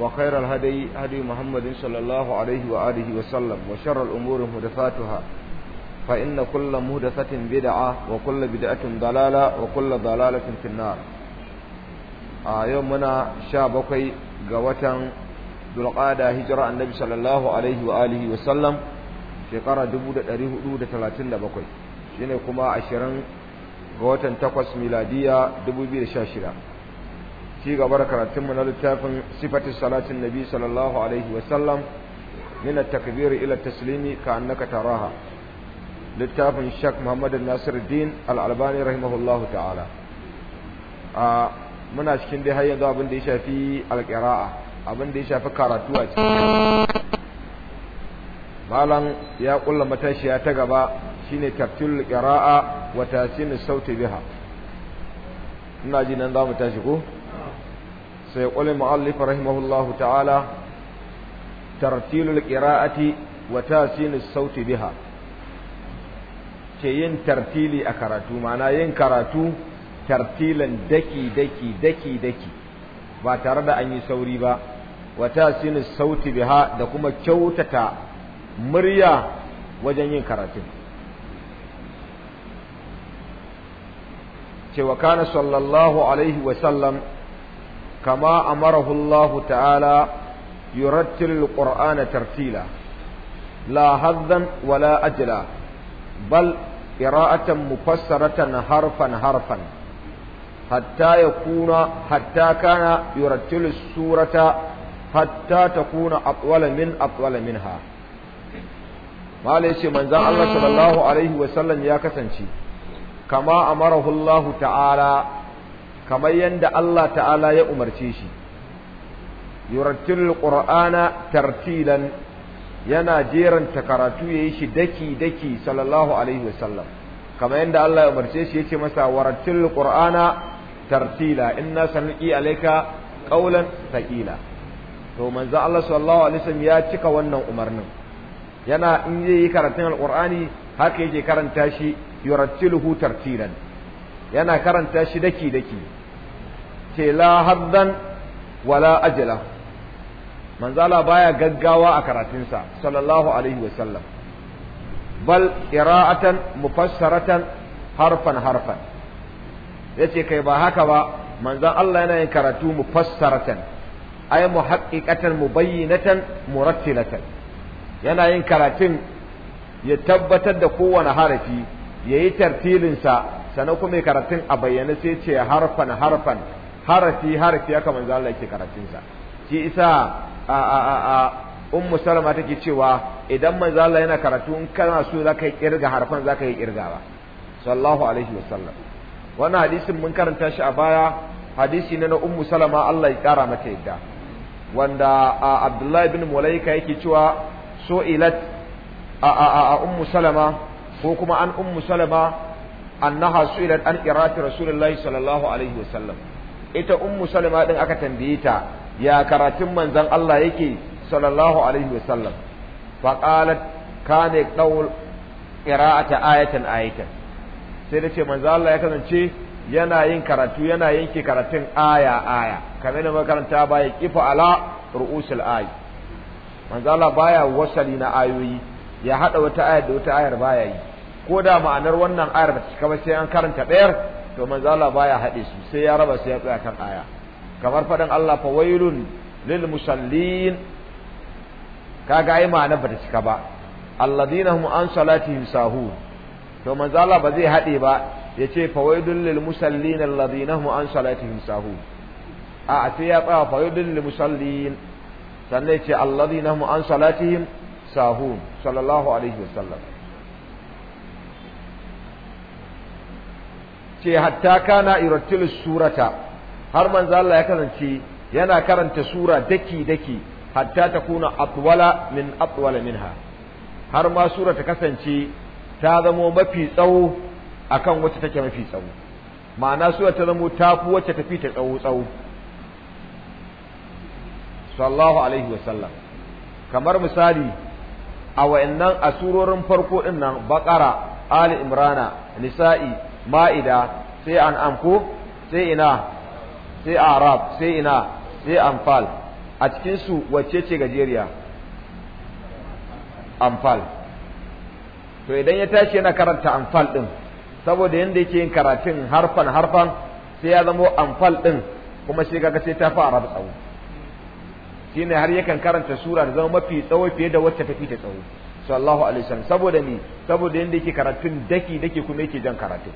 وخير الهدي هدي محمد صلى الله عليه وآله وسلم وشر الأمور مهدفاتها فإن كل مهدفة بدعة وكل بدعة ضلالة وكل ضلالة في النار آه يومنا شابقي قوة بالقادة هجرة النبي صلى الله عليه وآله وسلم شكرا دبودة أريه أودة ثلاثين بقي شيني كما عشرين قوة تقوس ميلادية دبو بير شاشرة ci gaba da karatunmu na littafin sifatin salatin nabi sallallahu alaihi wasallam min at-takbir ila taslimi ka annaka taraha littafin shak muhammad nasiruddin al-albani rahimahullahu ta'ala a muna cikin dai har yanzu abin da ya shafi al-qira'a abin da ya shafi karatu a cikin malam ya kulla matashiya ta gaba shine tartil qira'a wa tasin sauti biha ina ji nan za mu tashi ko Sai sayyidul muallif rahimahullahu ta'ala tartilul qira'ati wa tasinus sauti biha ce yin tartili a karatu mana yin karatu tartilan daki daki daki daki ba tare da an yi sauri ba wa tasinus sauti biha da kuma kyautata murya wajen yin karatu ce wa kana sallallahu alaihi wa كما أمره الله تعالى يرتل القرآن ترتيلا لا هذا ولا أجلا بل قراءة مفسرة حرفا حرفا حتى يكون حتى كان يرتل السورة حتى تكون أطول من أطول منها ما ليش من ذا الله صلى الله عليه وسلم يا كسنشي كما أمره الله تعالى kamar yadda Allah ta'ala ya umarce shi yurattilul qur'ana tartilan yana jeranta karatu yayi shi daki daki sallallahu alaihi wasallam kamar yadda Allah ya umarce shi yace masa warattilul qur'ana tartila inna sanqi alayka qawlan thaqila to manzo Allah sallallahu alaihi wasallam ya cika wannan umarnin yana in yi karatun alqur'ani haka yake karanta shi yurattiluhu tartilan yana karanta shi daki daki ce la haddan wala ajala manzala baya gaggawa a karatunsa sallallahu alaihi wasallam bal qira'atan mufassaratan harfan harfan yace kai ba haka ba manzan Allah yana yin karatu mufassaratan ay muhaqqiqatan mubayyinatan murattilatan yana yin karatun ya tabbatar da kowane harafi yayi tartilinsa sannan kuma karatun a bayyane sai ce harfan harfan harafi harafi aka manzo Allah yake karatun sa shi isa a a a a ummu salama take cewa idan manzo Allah yana karatu in kana so zaka yi kirga harfan zaka yi kirgawa sallallahu alaihi wasallam wannan hadisin mun karanta shi a baya hadisi ne na ummu salama Allah ya kara mata yadda wanda Abdullahi bin Mulaika yake cewa so ilat a a a ummu salama ko kuma an ummu salama annaha su'ilat an qira'ati rasulullahi sallallahu alaihi wasallam ita ummu salama din aka tambaye ta ya karatun manzon Allah yake sallallahu alaihi wasallam fa qalat kana yaqul qira'ata ayatan ayatan sai dace manzon Allah ya kasance yana yin karatu yana yanke karatun aya aya kamar da makaranta baya kifa ala ru'usul ay manzon Allah baya wasali na ayoyi ya hada wata ayar da wata ayar baya yi ko da ma'anar wannan ayar ba ta cika ba sai an karanta ɗayar to manzo Allah baya haɗe su sai ya raba sai ya tsaya kan aya kamar faɗin Allah fa wailun lil musallin kaga ai ma'ana bata cika ba alladina hum an salatihim sahun to manzo Allah ba zai haɗe ba yace fa wailun lil musallin alladina hum an salatihim sahun a sai ya tsaya fa wailun lil musallin sannan yace alladina hum an salatihim sahun sallallahu alaihi wasallam ce hatta kana irattilu surata har manzo Allah ya kasance yana karanta sura daki daki hatta takuna atwala min atwala minha har ma sura ta kasance ta zamo mafi tsawo akan wacce take mafi tsawo ma'ana sura ta zamo tafi wacce tafi ta tsawo tsawo sallallahu alaihi wasallam kamar misali a wayannan asurorin farko din nan baqara ali imrana nisa'i ma'ida sai an amku sai ina sai arab sai ina sai amfal. a cikin su wacce ce gajeriya Amfal. to idan ya tashi yana karanta amfal din saboda yanda yake yin karatun harfan harfan sai ya zamo amfal din kuma sai kaga sai ta fi arab tsawo shine har yakan karanta sura da zama mafi tsawo fiye da wacce tafi ta tsawo sallallahu alaihi wasallam saboda ni saboda yanda yake karatun daki daki kuma yake jan karatun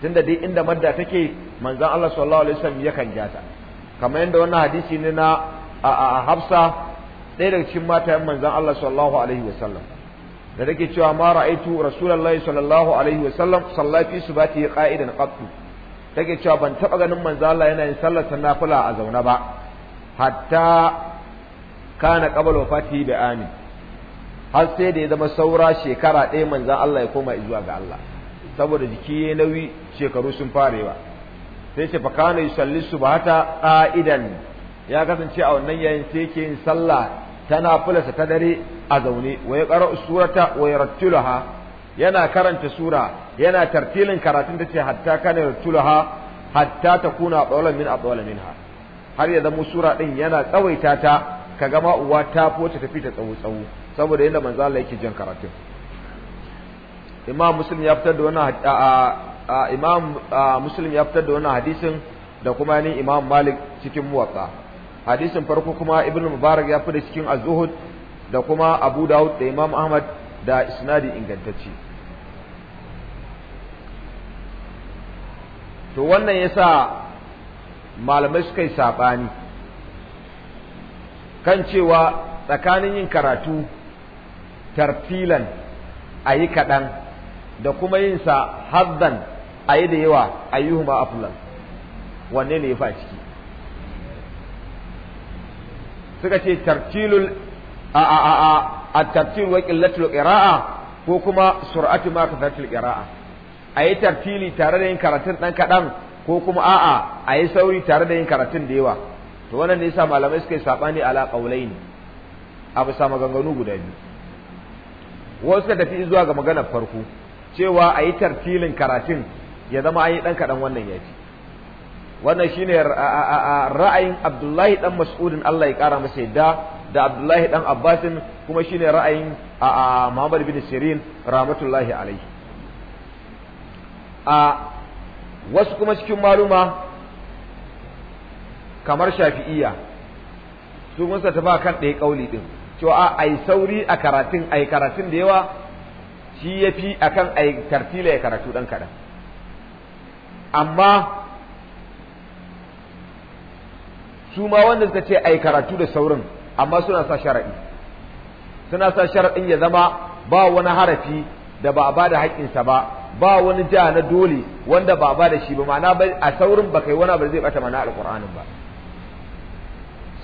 tunda dai inda madda take manzon Allah sallallahu alaihi wasallam yakan ja ta kamar yadda wannan hadisi ne na a Hafsa ɗaya daga cikin matayen manzon Allah sallallahu alaihi wasallam da take cewa ma ra'aitu rasulullahi sallallahu alaihi wasallam salla fi subati qa'idan qattu take cewa ban taba ganin manzo Allah yana yin sallar ta nafila a zauna ba hatta kana qabl wafati bi amin har sai da ya zama saura shekara ɗaya manzon Allah ya koma zuwa ga Allah saboda jiki ya nauyi shekaru sun farewa sai ce fakana yusalli subhata qa'idan ya kasance a wannan yayin sai yake yin sallah tana fulasa ta dare a zaune wa ya qara surata wa yarattulaha yana karanta sura yana tartilin karatun ta ce hatta kana yarattulaha hatta takuna aqwalan min aqwal minha har ya zama sura din yana tsawaita ta kaga ma uwa ta fice tafi ta tsawo tsawo saboda yadda manzo Allah yake jin karatun imam muslim ya fitar da wannan imam muslim ya fitar da wani hadisin da kuma ni imam malik cikin muwatta hadisin farko kuma ibn mubarak ya fi da cikin az-zuhud da kuma abu daud da imam ahmad da isnadi ingantacce to wannan ya sa malamai suka yi sabani kan cewa tsakanin yin karatu tarfilan a yi kaɗan da kuma yin sa haddan ayi da yawa ayyuhuma aflan wanne ne yafi a ciki suka ce tartilul a a a a tartil wa qillatul qira'a ko kuma sur'atu ma kasratul qira'a ayi tartili tare da yin karatun dan kadan ko kuma a'a ayi sauri tare da yin karatun da yawa to wannan ne yasa malamai suka yi sabani ala qaulaini a bisa maganganu guda biyu wasu da tafi zuwa ga maganar farko cewa a yi tartilin karatun ya zama an yi ɗan kaɗan wannan ya fi wannan shi ne ra'ayin abdullahi ɗan mas'udin allah ya ƙara masa yadda da abdullahi ɗan abbasin kuma shi ne ra'ayin muhammad bin sirin rahmatullahi alaihi a wasu kuma cikin maluma kamar shafi'iya su ta ba kan ɗaya ƙauli ɗin cewa a yi sauri a karatun yi karatun da yawa shi ya fi a kan a tartila ya karatu ɗan kaɗan amma su ma wanda suka ce a karatu da saurin amma suna sa shara'i suna sa shara'in ya zama ba wani harafi da ba a ba da haƙƙinsa ba ba wani ja na dole wanda ba a ba da shi ba ma'ana a saurin ba kai wani ba zai ɓata mana alƙur'anin ba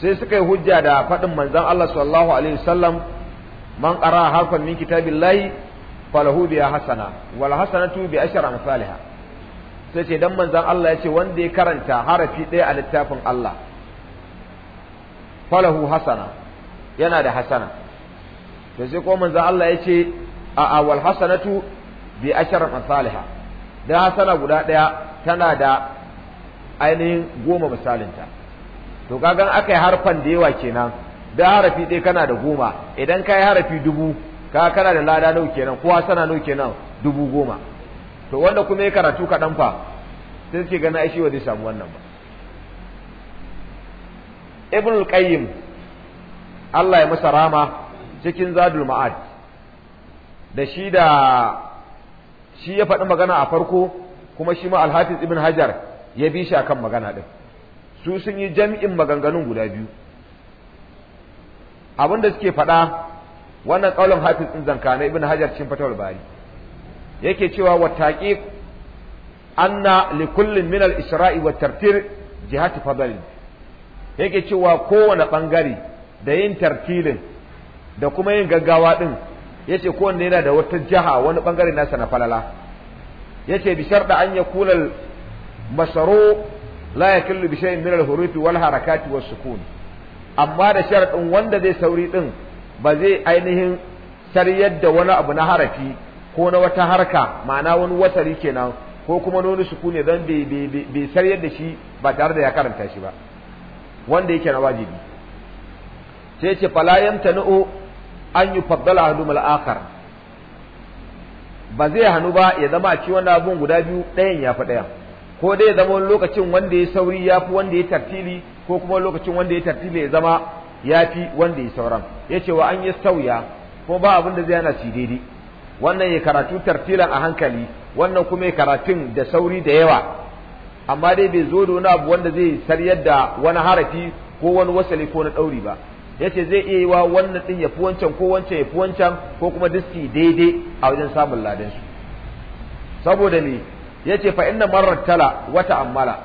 sai suka yi hujja da faɗin manzan Allah sallallahu alaihi wasallam man ƙara harfan min kitabillahi falahu biya hasana wal hasanatu bi ashra amsalha sai ce dan manzon Allah ya ce wanda ya karanta harafi ɗaya a littafin Allah falahu hasana yana da hasana to sai ko manzon Allah ya ce a wal hasanatu bi ashra amsalha dan hasana guda ɗaya tana da ainihin goma misalinta to kagan aka yi harfan da yawa kenan da harafi ɗaya kana da goma idan ka yi harafi dubu ka kana da lada nau kenan kowa sana nau kenan dubu goma to wanda kuma ya karatu kaɗan fa sai suke gani aishi wa zai samu wannan ba ibn qayyim Allah ya masa rama cikin zadul ma'ad da shi da shi ya faɗi magana a farko kuma shi ma al-hafiz ibn hajar ya bi shi akan magana din su sun yi jami'in maganganun guda biyu abin da suke faɗa wannan kaulin hafiz din zankana ibn hajar cikin fatawar bari yake cewa wa taqiq anna li kulli min al isra'i wa tartir jihati fadl yake cewa kowane bangare da yin tartilin da kuma yin gaggawa din yace kowanne yana da wata jaha wani bangare na sana falala yace bi sharda an yakuna al masaru la yakillu bi shay'in min al hurufi wal harakati was sukun amma da sharadin wanda zai sauri din ba zai ainihin sariyar da wani abu na harafi ko na wata harka ma'ana wani wasari kenan ko kuma wani suku ne don bai sariyar da shi ba tare da ya karanta shi ba wanda yake na wajibi sai ce fala yamtanu an yi ahdum hannu mal'akar ba zai hannu ba ya zama a ciwon abun guda biyu ɗayan ya fi ɗayan ko dai ya zama wani lokacin wanda ya sauri ya fi wanda ya tartili ko kuma lokacin wanda ya tartili ya zama ya fi wanda ya sauran ya ce wa an yi sauya ko ba abin da zai yana shi daidai wannan ya karatu tartilan a hankali wannan kuma ya karatun da sauri da yawa amma dai bai zo da wani abu wanda zai saryar da wani harafi ko wani wasali ko na ɗauri ba ya ce zai iya yi wa wannan ɗin ya fi wancan ko wancan ya fi wancan ko kuma diski daidai a wajen samun ladansu saboda ne ya ce fa inna marar tala wata ammala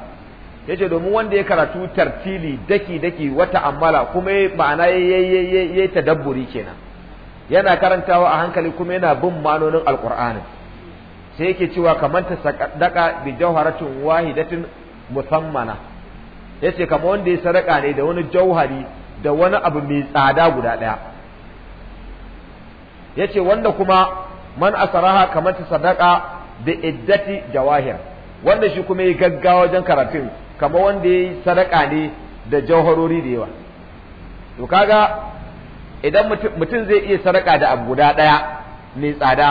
yace domin wanda ya karatu tartili daki daki wata amala kuma ma'ana yayi tadabburi kenan yana karantawa a hankali kuma yana bin manonin alƙur'anin sai yake cewa kamar ta daka bi jawharatin wahidatin musammana yace kamar wanda ya sadaka ne da wani jauhari da wani abu mai tsada guda daya yace wanda kuma man asaraha kamar ta sadaka bi iddati jawahir wanda shi kuma yi gaggawa wajen karatun kama wanda ya yi sadaka ne da jauharori da yawa to kaga idan mutum zai iya sadaka da abu guda ɗaya mai tsada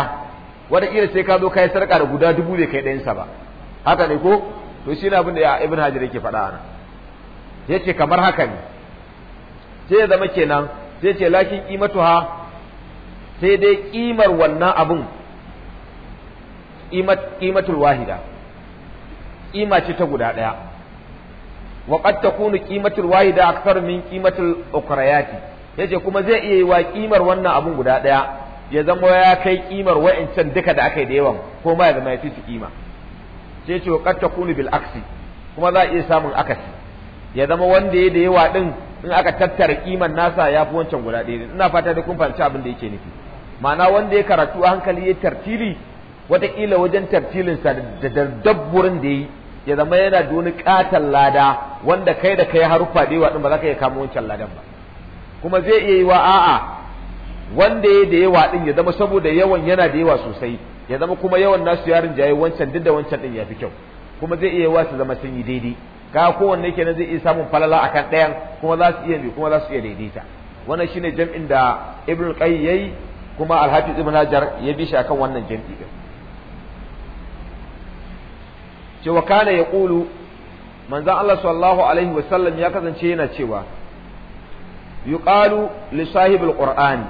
wanda kila sai ka zo ka yi sadaka da guda dubu bai kai ɗayansa ba haka ne ko to shi ne abin da ibn hajar yake faɗa ana ce kamar haka ne sai ya zama kenan sai ce lakin qimatuha sai dai kimar wannan abun qimatul wahida kima ce ta guda ɗaya wa qad takunu qimatul wahida akthar min qimatul ukrayati yace kuma zai iya yi wa kimar wannan abun guda daya ya zama ya kai kimar wa'ancan duka da aka yi da yawan ko ma ya zama ya fi su kima sai yace wa qad takunu bil aksi kuma za a iya samun akasi ya zama wanda ya da yawa din in aka tattara kiman nasa yafi wancan guda ɗaya ina fata da kun fahimci abin da yake nufi ma'ana wanda ya karatu a hankali ya tartili wataƙila wajen tartilinsa da dabburin da ya yi ya zama yana da wani katon lada wanda kai da kai har da wa din ba za ka iya kama wancan ladan ba kuma zai iya yi wa a'a wanda ya da yawa din ya zama saboda yawan yana da yawa sosai ya zama kuma yawan nasu yarin jaye wancan duk da wancan din ya fi kyau kuma zai iya wa su zama sun yi daidai ka kowanne kenan zai iya samun falala akan ɗayan kuma za su iya bi kuma za su iya daidaita wannan shine jam'in da ibnu qayyim yayi kuma al-hafiz hajar ya bi shi akan wannan jam'i ce kana ya ƙulu manzan Allah sallallahu alaihi wasallam ya kasance yana cewa yuƙalu li lissahib qur'ani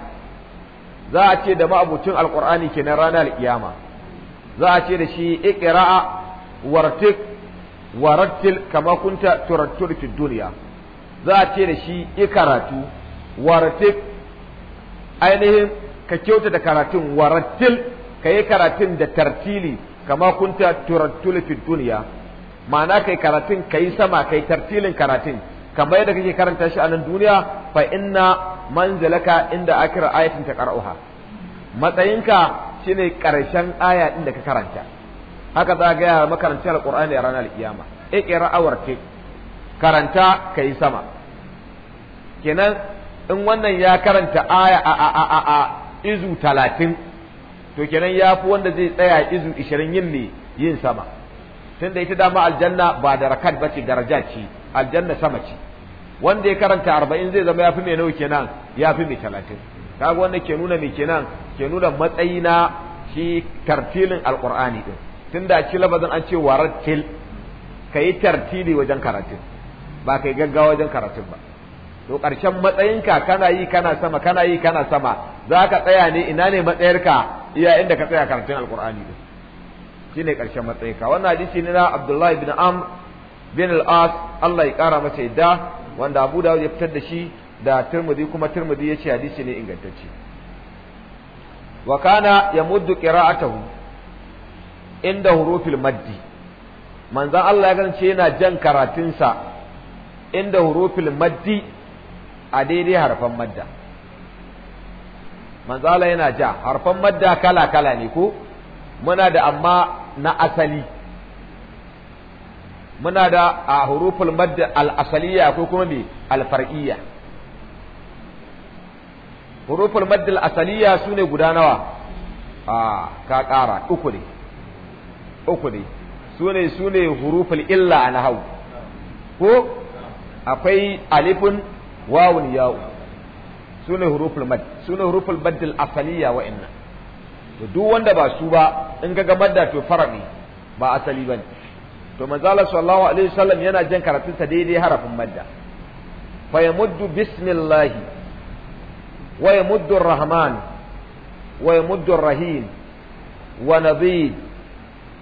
za a ce da ma'abucin ke kenan ranar kiyama za a ce da shi iqra'a wartik warattil kama kunta turattul za a ce da shi ikaratu waratik ainihin ka kyauta da karatun warattil ka yi karatun da tartili kama kun ta turattulu fi duniya ma'ana kai karatun kai sama kai tartilin karatun kamar yadda kake karanta shi a nan duniya fa inna manzalaka inda akira ayatin ta qara'uha matsayinka shine karshen aya din da ka karanta haka za ga yara makarantar alqur'ani a ranar kiyama iqra awarti karanta kai sama kenan in wannan ya karanta aya a a a a izu talatin to kenan ya fi wanda zai tsaya izu ishirin yin ne yin sama tun da ita dama aljanna ba da rakat ba ce daraja ce aljanna sama ce wanda ya karanta arba'in zai zama ya fi mai nawa kenan ya fi mai talatin kaga wanda ke nuna mai kenan ke nuna matsayi na shi tartilin alqur'ani din tun da ci labazin an ce warattil ka yi tartili wajen karatun ba kai gaggawa wajen karatun ba to ƙarshen matsayinka kana yi kana sama kana yi kana sama za ka tsaya ne ina ne matsayarka iya inda ka tsaya karatun alkur'ani din shine karshen ƙarshen ka wannan hadisi ne na Abdullahi bin Am bin al-As Allah ya kara masa yadda wanda Abu Dawud ya fitar da shi da Tirmidhi kuma Tirmidhi ya ce hadisi ne ingantacce wa kana yamuddu qira'atahu inda hurufil maddi manzon Allah ya gance yana jan karatunsa inda hurufil maddi a daidai harfan madda manzala yana ja harfan madda kala kala ne ko muna da amma na asali muna da a huruful madda al-asaliya ko kuma me al-far'iyya huruful madda al-asaliya sune guda nawa a ka kara uku ne uku ne sune sune huruful illa na hau ko akwai alifun wawun ya'u sune huruful mad sune huruful baddil asaliya wa'annan to duk wanda ba su ba in ga madda to farami ba asali bane to manzala sallallahu alaihi wasallam yana jan karatun sa daidai harafin madda fa yamuddu bismillah wa yamuddu arrahman wa yamuddu arrahim wa nadid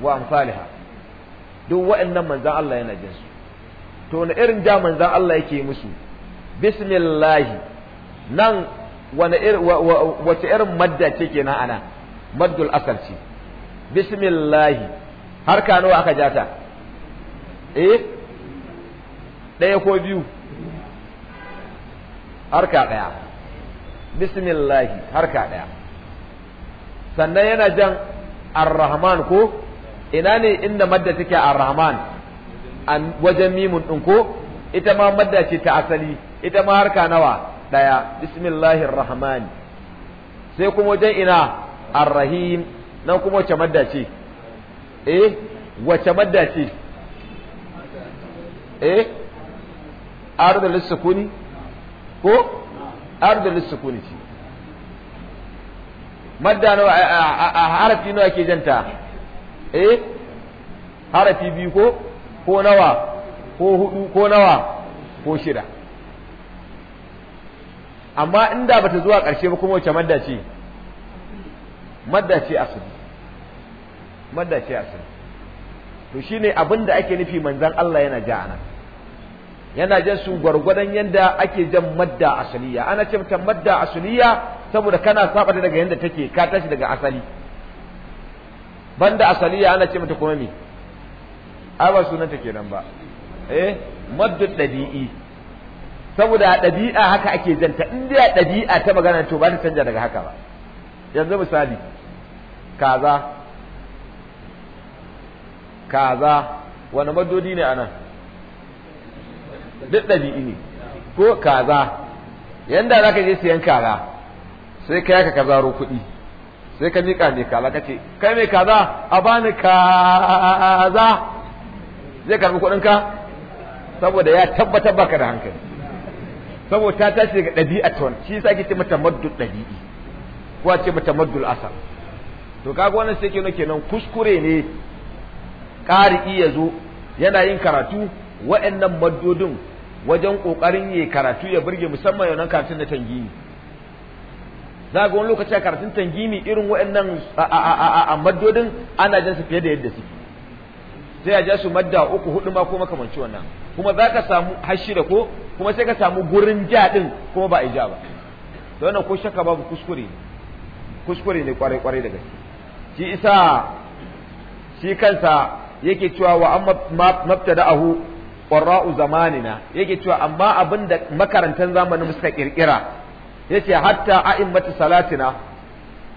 wa amsalha duk wa'annan manzan Allah yana jin su to na irin ja manzan Allah yake musu bismillah nan wani wace irin madda ce nan ana maddul asalci. bismillahi har kano aka jata eh ɗaya ko biyu harka ɗaya bismillahi harka ɗaya sannan yana jan arrahman ko ina ne inda madda take arrahman wajen mimun ɗin ko ita ma madda ce ta asali ita ma harka nawa ɗaya bismillahir rahman sai kuma wajen ina arrahim nan kuma wace madda ce eh wace madda ce eh ardul sukuni ko ardul sukuni ce madda nawa a harafi nawa ke janta eh harafi biyu ko ko nawa ko hudu ko nawa ko shida amma inda bata zuwa ƙarshe ba kuma wace madda ce madda ce asali madda ce asali to shine abin da ake nufi manzon Allah yana ja ana yana jan su gwargwadon yadda ake jan madda asaliya ana ce mata madda asaliya saboda kana saba daga yadda take ka tashi daga asali banda asaliya ana ce mata kuma me ai ba sunanta kenan ba eh maddu dabi'i saboda ɗabi'a haka ake janta in dai ɗabi'a ta magana to ba ta canja daga haka ba yanzu misali kaza kaza wani madodi ne anan duk ɗabi'i ne ko kaza yanda za ka je siyan kaza sai ka yaka kaza ro kuɗi sai ka miƙa mai kaza ka ce kai mai kaza a bani kaza zai karɓi kuɗinka saboda ya tabbatar baka da hankali saboda ta tashi daga ɗabi'a ta shi sa ake ce mata maddul ɗabi'i ko ce mata maddul asar to kaga wannan sai kenan kenan kuskure ne ƙari'i ya zo yana yin karatu wa'annan maddodin wajen ƙoƙarin yi karatu ya burge musamman yau karatun na tangini za ga wani lokaci a karatun tangini irin wa'annan a maddodin ana jinsu fiye da yadda suke zai ya ja su madda uku hudu ma ko makamanci wannan kuma za ka samu da ko kuma sai ka samu gurin ja din kuma ba a ja ba da wannan ko shaka babu kuskure kuskure ne kwarai kwarai da gaske shi isa shi kansa yake cewa wa amma mabtada'ahu qurra'u zamanina yake cewa amma abin da makarantan zamanin suka kirkira yace hatta a'immatu salatina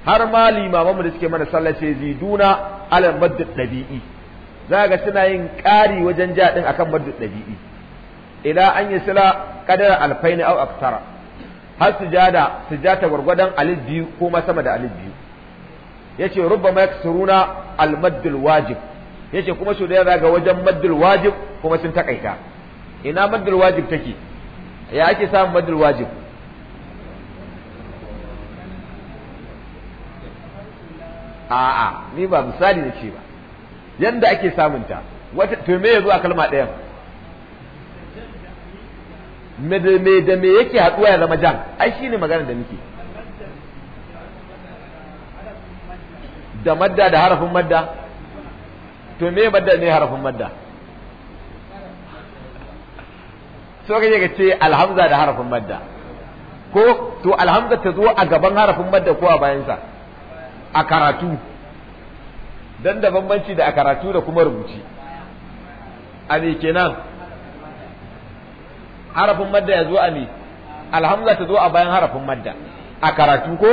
har ma limamanmu da suke mana sallah sai ziduna alal madd dabi'i za ga suna yin ƙari wajen ja din akan madu dabi'i ila an sila kadara alfaini au aktara har sujada sujata gurgudan alif biyu ko ma sama da alif biyu yace rubbama yaksuruna almaddul alwajib yace kuma su da ga wajen maddul alwajib kuma sun takaita ina maddul alwajib take ya ake samun maddul wajib a'a ni ba misali ne ce ba yanda ake samunta wata to me yazo a kalma daya. me da me da me yake haɗuwa ya zama jan ai shine magana da muke da madda da harafin madda to me madda ne harafin madda so kaje ka ce alhamza da harafin madda ko to alhamza ta zo a gaban harafin madda ko a bayansa a karatu dan da bambanci da a karatu da kuma rubuci a ne kenan harafin madda ya zo a ne alhamza ta zo a bayan harafin madda a karatu ko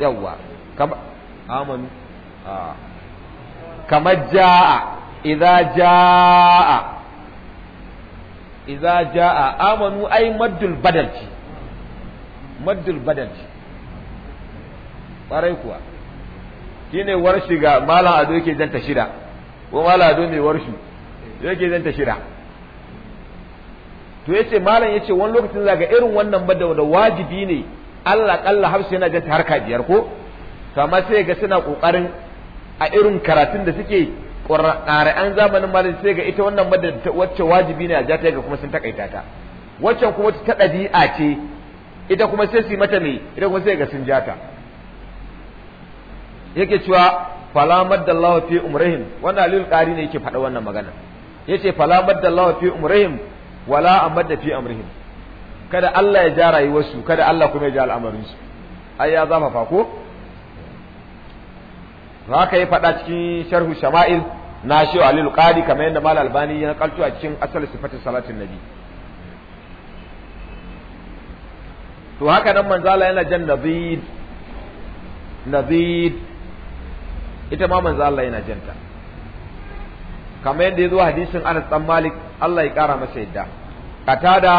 yawwa kama kama jaa idza jaa idza jaa amanu ai maddul badal ce maddul badal ce ƙwarai kuwa shine warshi ga malam ado yake zanta shida ko malam ado mai warshi yake zanta shida to yace malam yace wani lokacin ga irin wannan bada da wajibi ne Allah kalla hafsu yana janta harka biyar ko to amma sai ga suna kokarin a irin karatun da suke ƙara'an zamanin malam sai ga ita wannan bada wacce wajibi ne a jata ga kuma sun takaita ta waccan kuma ta ɗabi'a ce ita kuma sai su yi mata mai ita kuma sai ga sun jata yake cewa fala maddallahu fi umrihim wannan alil qari ne yake faɗa wannan magana yace fala maddallahu fi umrihim wala amadda fi amrihim kada Allah ya ja rayuwarsu kada Allah kuma ya ja al'amarin su ai ya zama fa ko haka ya faɗa cikin sharhu shama'il na shi alil qari kamar yadda mal albani ya kalto a cikin asal sifatin salatin nabi to haka nan manzala yana jan nadid nadid ita ma manzo Allah yana janta kamar yadda ya zo hadisin Anas dan Malik Allah ya kara masa yadda katada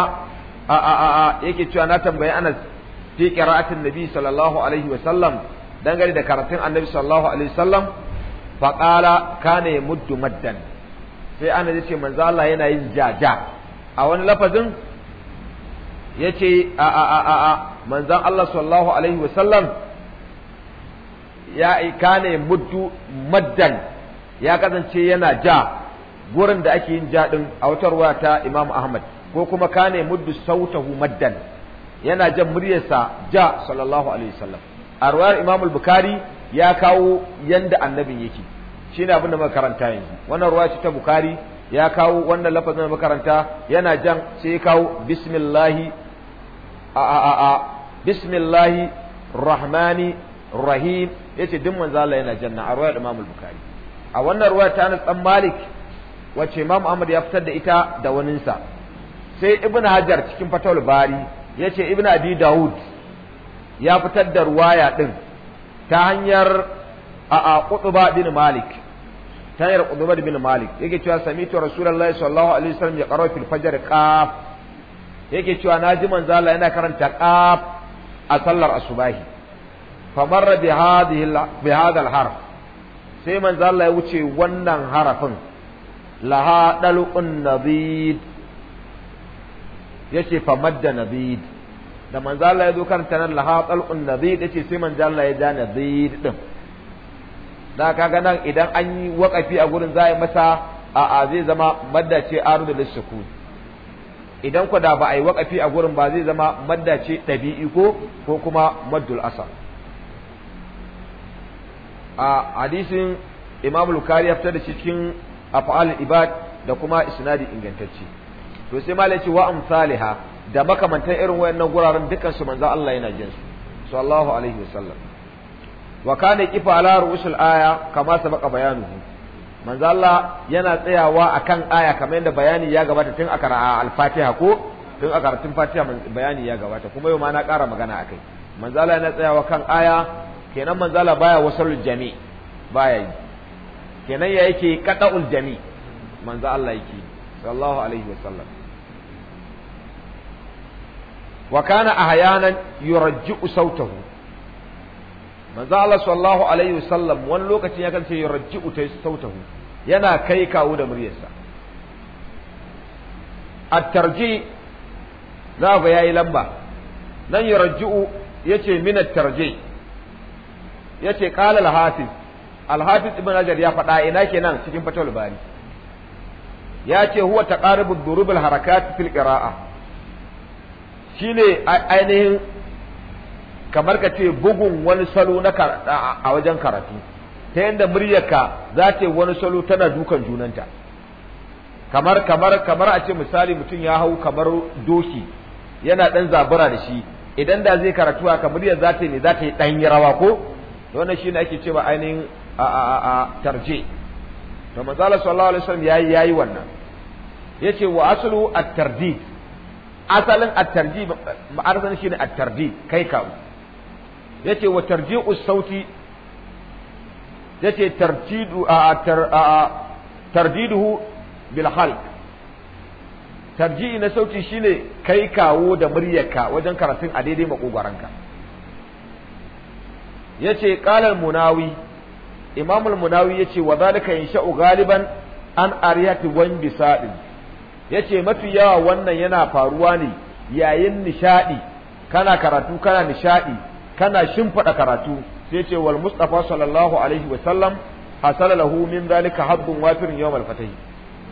a a a yake cewa na tambayi Anas fi qira'atin nabi sallallahu alaihi wa sallam dangane da karatun annabi sallallahu alaihi wa sallam fa qala kana yamuddu maddan sai Anas yace manzo Allah yana yin jaja a wani lafazin yace a a a a manzon Allah sallallahu alaihi wa sallam ya kana muddu maddan ya kasance yana ja gurin da ake yin ja din a wata ruwa ta Imam Ahmad ko kuma kana muddu sautahu maddan yana jan muryarsa ja sallallahu alaihi wasallam a ruwayar Imam bukari ya kawo yanda annabin yake shi abin da muka karanta yanzu wannan ruwa ta bukari ya kawo wannan lafazin da makaranta yana jan sai ya kawo bismillahi a a a bismillahi rahmani rahim yace duk manzo Allah yana janna a ruwayar Imam Bukhari a wannan ruwayar ta Anas dan Malik wacce Imam Ahmad ya fitar da ita da waninsa sai Ibn Hajar cikin Fatawul Bari yace Ibn Abi Dawud ya fitar da ruwaya din ta hanyar a a Qutba bin Malik ta hanyar Qutba bin Malik yake cewa samitu Rasulullahi sallallahu alaihi wasallam ya qara fil fajr qaf yake cewa naji manzo Allah yana karanta qaf a sallar asubahi famarra bi hadha al-harf sai manzo Allah ya wuce wannan harafin laha dalqun nabid yace famadda nabid da manzo Allah ya zo karanta nan laha dalqun nabid yace sai manzo Allah ya ja nabid din da kaga nan idan an yi wakafi a gurin za a yi masa a'a zai zama madda ce ardu lissukun idan ku da ba a yi wakafi a gurin ba zai zama madda ce ɗabi'i ko ko kuma maddul asal a hadisin Imam Bukhari ya fitar da cikin af'al ibad da kuma isnadi ingantacce to sai malai ce wa amsalha da makamantan irin wayannan guraren dukkan su manzo Allah yana jin su sallallahu alaihi wasallam wa kana kifa ala rusul aya kama sabaka bayanuhu manzo Allah yana tsayawa akan aya kamar yadda bayani ya gabata tun a ra'a al-Fatiha ko tun ra'a tun Fatiha bayani ya gabata kuma yau ma na ƙara magana akai manzo Allah yana tsayawa kan aya kenan manzala baya wasalul jami baya yi kenan ya yake qata'ul jami manzo Allah yake sallallahu alaihi wasallam wa kana ahyanan yurajji'u sautahu manzo Allah sallallahu alaihi wasallam wani lokacin ya kance yurajji'u ta sautahu yana kai kawo da muryarsa at-tarji za ga yayi lamba nan yurajji'u yace min at-tarji yace qala al-hafiz al-hafiz ibn hajar ya faɗa ina kenan cikin fatul bari yace huwa taqaribu durub al-harakat fil qira'a shine ainihin kamar ka ce bugun wani salo na a wajen karatu ta yadda muryarka za ta wani salo tana dukan junanta kamar kamar kamar a ce misali mutum ya hau kamar doki yana dan zabura da shi idan da zai karatu haka muryar za ta ne za ta yi dan rawa ko to wannan shine ake cewa ainihin a a a tarje to manzo Allah sallallahu alaihi wasallam yayi yayi wannan yace wa aslu at tarji. asalin at-tardid ma'arfan shine at tarji kai kawo yace wa tarji'u sauti yace tartidu a tardiduhu bil halq Tarji na sauti shine kai kawo da muryarka wajen karatun a daidai makogoranka yace qalal munawi imam munawi yace wa zalika yansha'u galiban an ariyati wan bisadin yace mafi yawa wannan yana faruwa ne yayin nishadi kana karatu kana nishadi kana shimfada karatu sai ce wal mustafa sallallahu alaihi wa sallam hasala lahu min zalika habbun wafirin yawmal fatih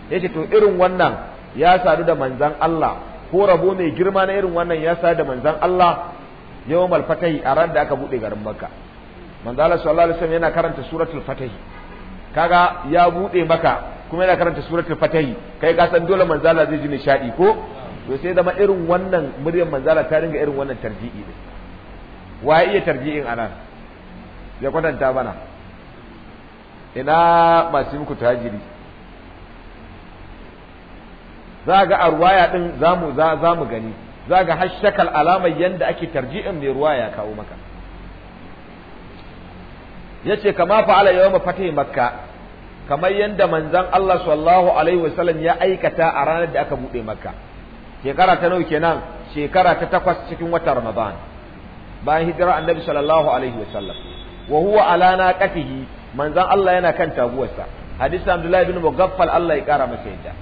yace to irin wannan ya sadu da manzan Allah ko rabo mai girma na irin wannan ya sadu da manzan Allah yawmal fatih a ran da aka bude garin Makka manzala sallallahu alaihi wasallam yana karanta suratul fatahi kaga ya bude maka kuma yana karanta suratul fatahi kai ka san dole manzala zai ji nishadi ko to sai zama irin wannan muryar manzala ta ringa irin wannan tarji'i ne wa iya tarji'in anan ya kwatanta bana ina masu muku tajiri za ga a ruwaya din zamu za mu gani za ga hashakal alamar yanda ake tarji'in mai ruwaya kawo maka yace kama fa'ala yawma fatih makka kamar yadda manzon Allah sallallahu alaihi wasallam ya aikata a ranar da aka bude makka shekara ta nawa kenan shekara ta takwas cikin watan ramadan bayan hijira annabi sallallahu alaihi wasallam wa huwa ala naqatihi manzon Allah yana kan taguwarsa hadisi Abdullahi bin Mughaffal Allah ya kara masa yadda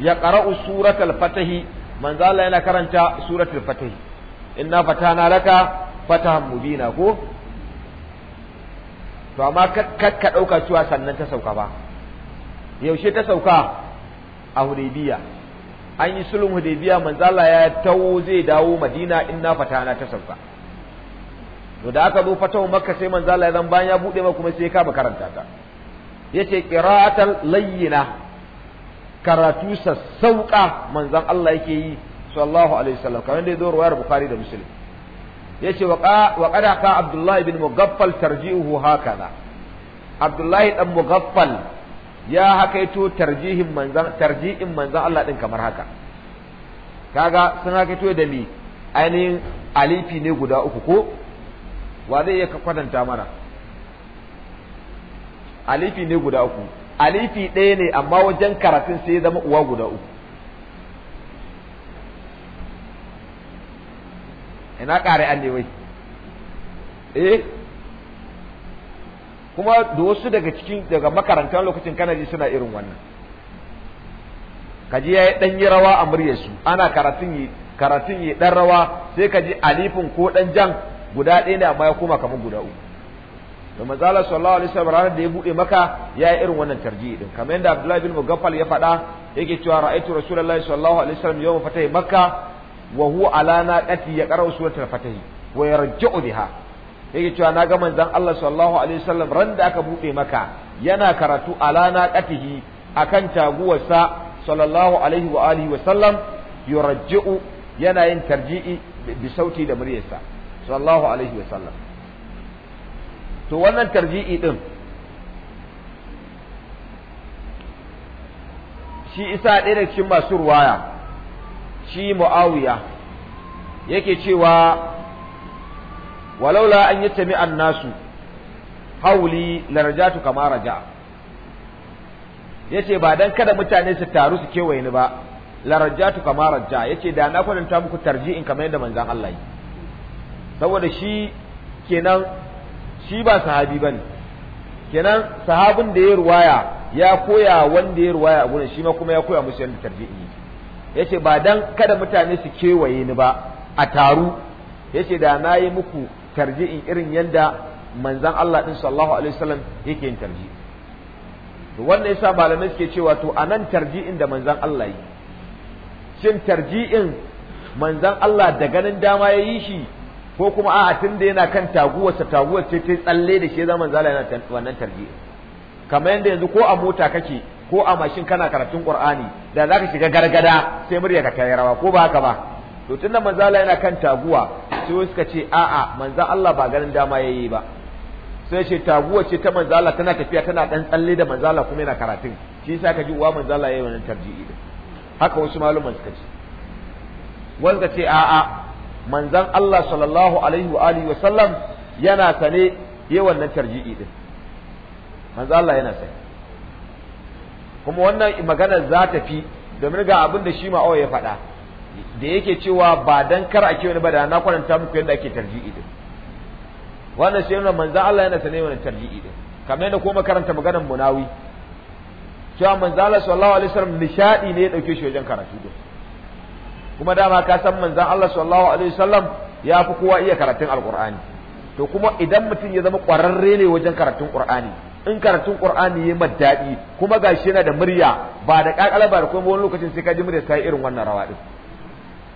ya qara'u suratul fatahi manzon Allah yana karanta suratul fatahi inna fatana laka fatahan mubina ko to amma ka ɗauka cewa sannan ta sauka ba yaushe ta sauka a hudaybiya an yi sulhun hudaybiya manzala ya tawo zai dawo madina in na fatana ta sauka to da aka zo fata makka sai manzala ya zan bayan ya bude maka kuma sai ka ba karanta ta yace qira'atan layyina karatu sassauka manzon Allah yake yi sallallahu alaihi wasallam kamar da ya zo ruwayar bukhari da muslim yace wa qada ka abdullahi bin mughaffal tarji'uhu hakaza abdullahi dan mughaffal ya hakaito tarjihin manzan tarji'in manzan Allah din kamar haka kaga sun hakaito da ni ainihin alifi ne guda uku ko wa zai iya kwadanta mana alifi ne guda uku alifi ɗaya ne amma wajen karatun sai ya zama uwa guda uku ina ƙari'an ne wai eh kuma da wasu daga cikin daga makarantar lokacin kanaji suna irin wannan kaji yayi dan yi rawa a muryarsu ana karatun yi karatun yi dan rawa sai kaji alifin ko dan jan guda ɗaya ne amma ya koma kamar guda uku da manzala sallallahu alaihi wasallam ranar da ya bude maka ya yi irin wannan tarji. din kamar yadda Abdullahi bin Mugaffal ya faɗa yake cewa ra'aytu rasulullahi sallallahu alaihi wasallam mafata fatahi makka wa huwa ala naqati ya qara'u suratul fatahi wa yarji'u biha yake cewa na ga manzon Allah sallallahu alaihi wasallam ran da aka bude maka yana karatu ala naqatihi akan taguwarsa sallallahu alaihi wa alihi wa sallam yarji'u yana yin tarji'i bi sauti da muryarsa sallallahu alaihi wa sallam to wannan tarji'i din shi isa ɗaya da cikin masu ruwaya shi muawiya yake cewa walaula an yattami annasu hauli larajatu kama raja yace ba dan kada mutane su taru su kewaye ni ba larajatu kama raja yace da na kwatanta muku tarji'in kamar yadda manzon Allah yi saboda shi kenan shi ba sahabi bane kenan sahabin da ya ruwaya ya koya wanda ya ruwaya a gurin shi ma kuma ya koya musu yadda tarji'i yace ba dan kada mutane su kewaye ni ba a taru yace da na yi muku tarji'in irin yadda manzan Allah din sallallahu alaihi wasallam yake yin tarji to wannan yasa malamai suke cewa to anan tarji'in da manzan Allah yi shin tarji'in manzan Allah da ganin dama ya yi shi ko kuma a'a tun da yana kan taguwarsa taguwar ce ta tsalle da shi zaman zama yana wannan tarji'in kamar yadda yanzu ko a mota kake ko a mashin kana karatun Qur'ani da zaka shiga gargada sai murya ka tayi rawa ko ba haka ba to tunda manzo Allah yana kan taguwa sai suka ce a'a manzo Allah ba ganin dama yayi ba sai ce taguwa ce ta manzo Allah tana tafiya tana dan tsalle da manzo Allah kuma yana karatun shi yasa ka ji uwa manzo Allah yayi wannan tarji'i din haka wasu maluman suka ce wanda ce a'a manzon Allah sallallahu alaihi wa alihi wa sallam yana sane yayi wannan tarji'i din manzo Allah yana sane kuma wannan maganar za ta fi domin ga abin da shi ma'awa ya faɗa da yake cewa ba dan kar a kewa ba da na kwananta muku yadda ake tarji'i din wannan shi yana manzan Allah yana sanai wani tarji'i din kamar yadda kuma karanta maganar munawi cewa manzan Allah sallallahu alaihi wasallam nishadi ne ya dauke shi wajen karatu din kuma dama ka san manzan Allah sallallahu alaihi wasallam ya fi kowa iya karatun alqur'ani to kuma idan mutum ya zama kwararre ne wajen karatun qur'ani in karatun qur'ani yayi mad daɗi kuma gashi yana da murya ba da kakala ba da kuma wani lokacin sai ka ji murya sai irin wannan rawa din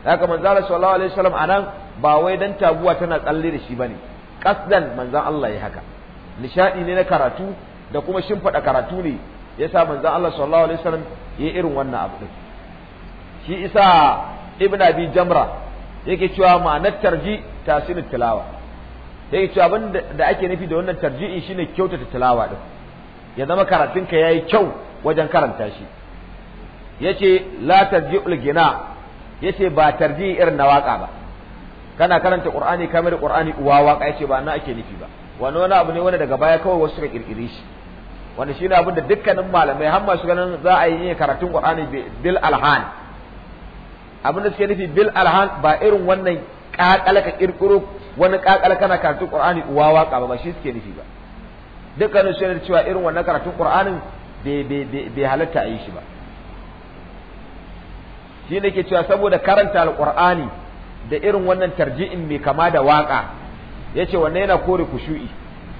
haka manzo Allah sallallahu alaihi wasallam anan ba wai dan tabuwa tana tsalle da shi bane kasdan manzo Allah ya haka nishadi ne na karatu da kuma shimfada karatu ne yasa manzo Allah sallallahu alaihi wasallam yayi irin wannan abu din shi isa ibn abi jamra yake cewa ma'anar tarji tasirin tilawa sai ce abin da ake nufi da wannan tarji'i shine kyautata tilawa din ya zama karatunka yayi kyau wajen karanta shi yace la tarji'ul gina yace ba tarji'i irin na waka ba kana karanta qur'ani kamar qur'ani uwa waka yace ba na ake nufi ba wani wani abu ne wanda daga baya kawai wasu suka kirkire shi wanda shine abin da dukkanin malamai har masu ganin za a yi karatun qur'ani bil alhan abin da suke nufi bil alhan ba irin wannan ka kirkiro wani kakala kana karatu qur'ani uwa waka ba shi suke nufi ba dukkanin su yana cewa irin wannan karatun qur'anin bai halatta a yi shi ba shi ne ke cewa saboda karanta alqur'ani da irin wannan tarji'in mai kama da waka yace wannan yana kore kushu'i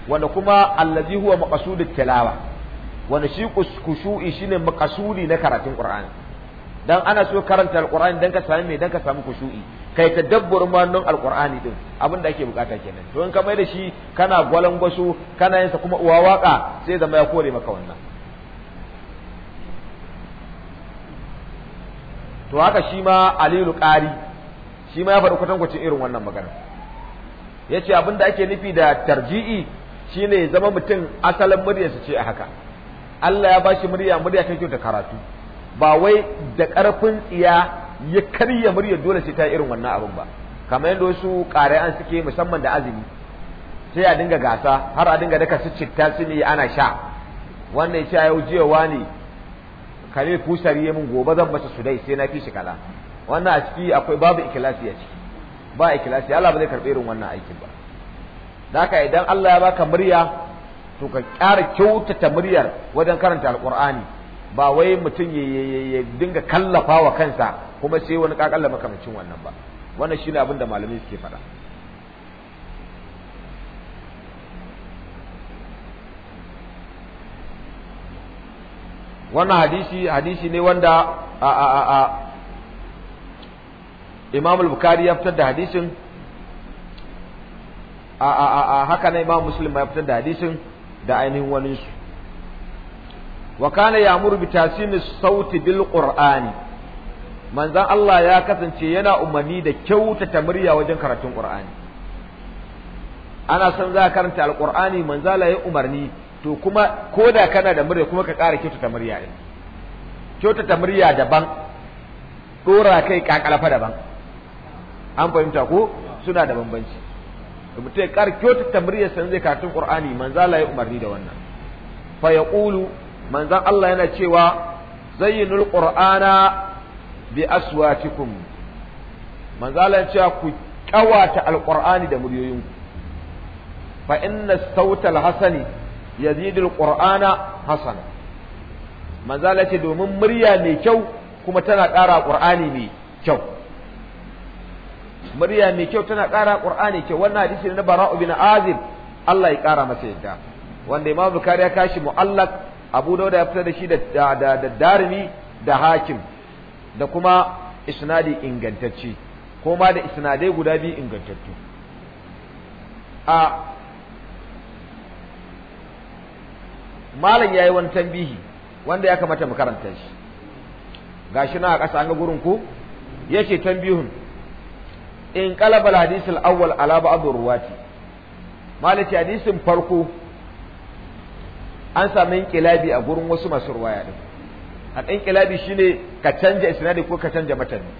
wanda kuma allazi huwa maqsudu tilawa wanda shi kushu'i shine maqsudi na karatun qur'ani dan ana so karanta alqur'ani dan ka sami mai dan ka samu kushu'i kai ta dabbar manon alkur'ani din abin da ake bukata kenan to in ka mai da shi kana gwasu kana yin sa kuma uwa waka sai zama ya kore maka wannan to haka shi ma alilu qari shi ma ya faɗi kwatankwacin irin wannan magana ce abin da ake nufi da tarji'i shine zama mutum asalin muryarsa ce a haka Allah ya bashi murya murya ta kyauta karatu ba wai da ƙarfin tsiya ya karya murya dole ce ta irin wannan abin ba kamar yadda wasu an suke musamman da azumi sai a dinga gasa har a dinga daka su citta su ne ana sha wannan ya yau jiya ne kare fusari ya min gobe zan su dai sai na fi shi kala wannan a ciki akwai babu ikilasi a ciki ba ikilasi ala ba zai karɓi irin wannan aikin ba haka idan Allah ya baka murya to ka ƙara kyautata muryar wajen karanta alƙur'ani ba wai mutum ya dinga kallafa wa kansa kuma sai wani kakalla makamacin wannan ba wannan shine abin da malamai suke faɗa wannan hadisi hadisi ne wanda a a a, a Imam al-Bukhari ya fitar da hadisin a a a, haka ne Imam Muslim ya fitar da hadisin da ainihin waninsu? wa kana ya'muru bi tasimi sauti bil qur'ani manzan Allah ya kasance yana umarni da kyautata murya wajen karatun qur'ani ana son za ka karanta Al-Qur'ani manzan Allah ya umarni to kuma koda kana da murya kuma ka ƙara kyautata murya din kyautata murya daban dora kai kakalfa daban an fahimta ko suna da bambanci mutum ya ƙara kyautata san zai karatun qur'ani manzan Allah ya umarni da wannan fa yaqulu manzon Allah yana cewa zayyinul qur'ana bi aswatikum manzon Allah yana cewa ku kawata alqur'ani da ku. fa inna sautal hasani yazidul qur'ana hasana manzan Allah ce domin murya mai kyau kuma tana ƙara qur'ani mai kyau murya mai kyau tana ƙara qur'ani kyau wannan hadisi na bara'u bin azib Allah ya ƙara masa yadda wanda imam bukari ya kashi mu'allaq abu dauda ya fitar da shi da darimi da hakim da kuma isnadi ingantacce ko ma da isnadai guda biyu ingantattu a malam yayi wani tambihi wanda ya kamata mu karanta shi gashi na a ƙasa an ga gurin ku yace tambihun in qalabal hadisul awwal ala ba'd ruwati malaki hadisin farko an samu inkilabi a gurin wasu masu ruwaya din al inqilabi shine ka canja isnadi ko ka canja matani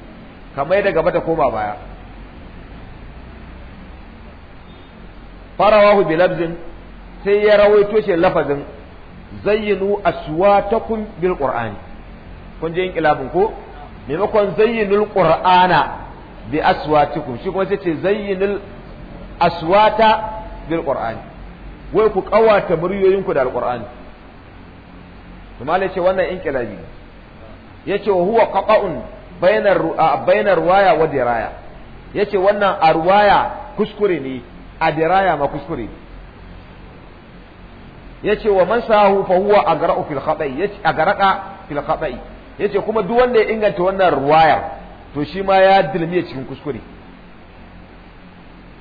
kamar yadda gaba ta koma baya farawahu bilabzin sai ya rawaito shi lafazin zayyinu aswatakum bil kun je inkilabin ko maimakon zayyinul qur'ana bi aswatikum shi kuma sai ce zayyinul aswata bil wai ku kawata muryoyinku da alqur'ani to malai yace wannan inqilabi yace wa huwa qaqa'un bainar bainar ruwaya wa diraya yace wannan a ruwaya kuskure ne a diraya ma kuskure ne yace wa man sahu fa huwa agra'u fil khata'i yace agraqa fil khata'i yace kuma duk wanda ya inganta wannan ruwaya to shi ma ya dilmi cikin kuskure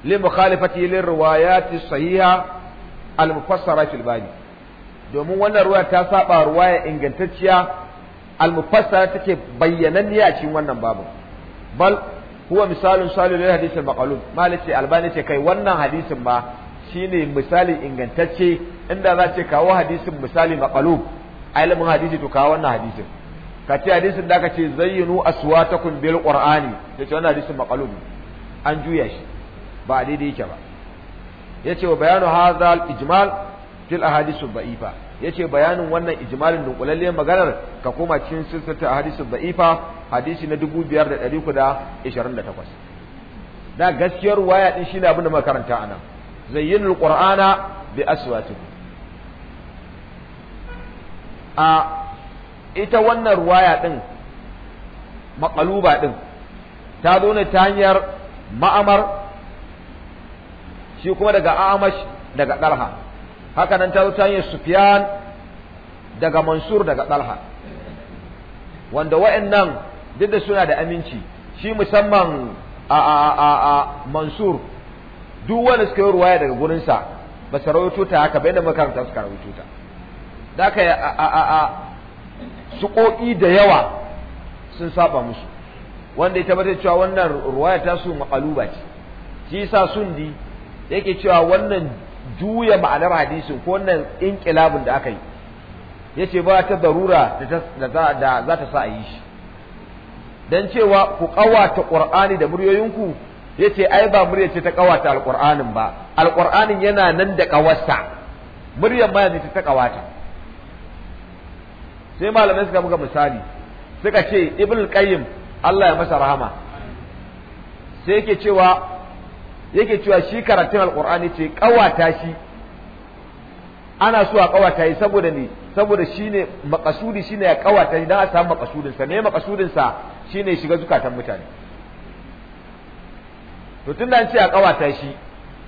li mukhalafati lil sahiha al-mufassara fil domin wannan ruwa ta saba ruwaya ingantacciya al-mufassara take bayyananniya a cikin wannan babu bal huwa misalun salil lil hadith al malaki albani ce kai wannan hadisin ba shine misali ingantacce inda za ce kawo hadisin misali maqalub a ilimin hadisi to kawo wannan hadisin ka ce hadisin da aka ce zayyinu aswatakum bil qur'ani ce wannan hadisin maqalub an juya shi ba daidai yake ba yace wa bayanu hadha ijmal fil ahadith ad-da'ifa yace bayanin wannan ijmalin dunkulalliyar maganar ka koma cikin sirrata ahadith ad-da'ifa hadisi na 5328 da gaskiyar waya din shine abin da makaranta anan zayyinul qur'ana bi aswatikum a ita wannan waya din makaluba din ta zo ne ta hanyar ma'amar shi kuma daga amash daga dalha haka nan ta ta hanyar sufyan daga mansur daga dalha wanda wa'annan duk da suna da aminci shi musamman a mansur duk wanda suka yi ruwaya daga gurinsa ba su rawaito ta haka bai da makaranta suka rawaito ta da haka a a a suƙoƙi da yawa sun saba musu wanda ya tabbatar cewa wannan ruwaya ta su maƙaluba ce shi yasa di yake cewa wannan juya ma'anar hadisin ko wannan inkilabin da aka yi yace ba ta darura da za ta sa a yi shi dan cewa ku kawata qur'ani da muryoyinku yace ai ba murya ce ta kawata alƙwar'anin ba alƙwar'anin yana nan da ƙawarsa muryar ma yanzu ta kawata sai malamai suka buga misali suka ce ibn qayyim Allah ya masa rahama sai yake cewa yake cewa shi karatun alkur'ani ce kawata shi ana so a kawata yi saboda ne saboda ne makasudi ne ya kawata shi don a samu makasudinsa ne makasudinsa shi ne shiga zukatan mutane to da an ce a kawata shi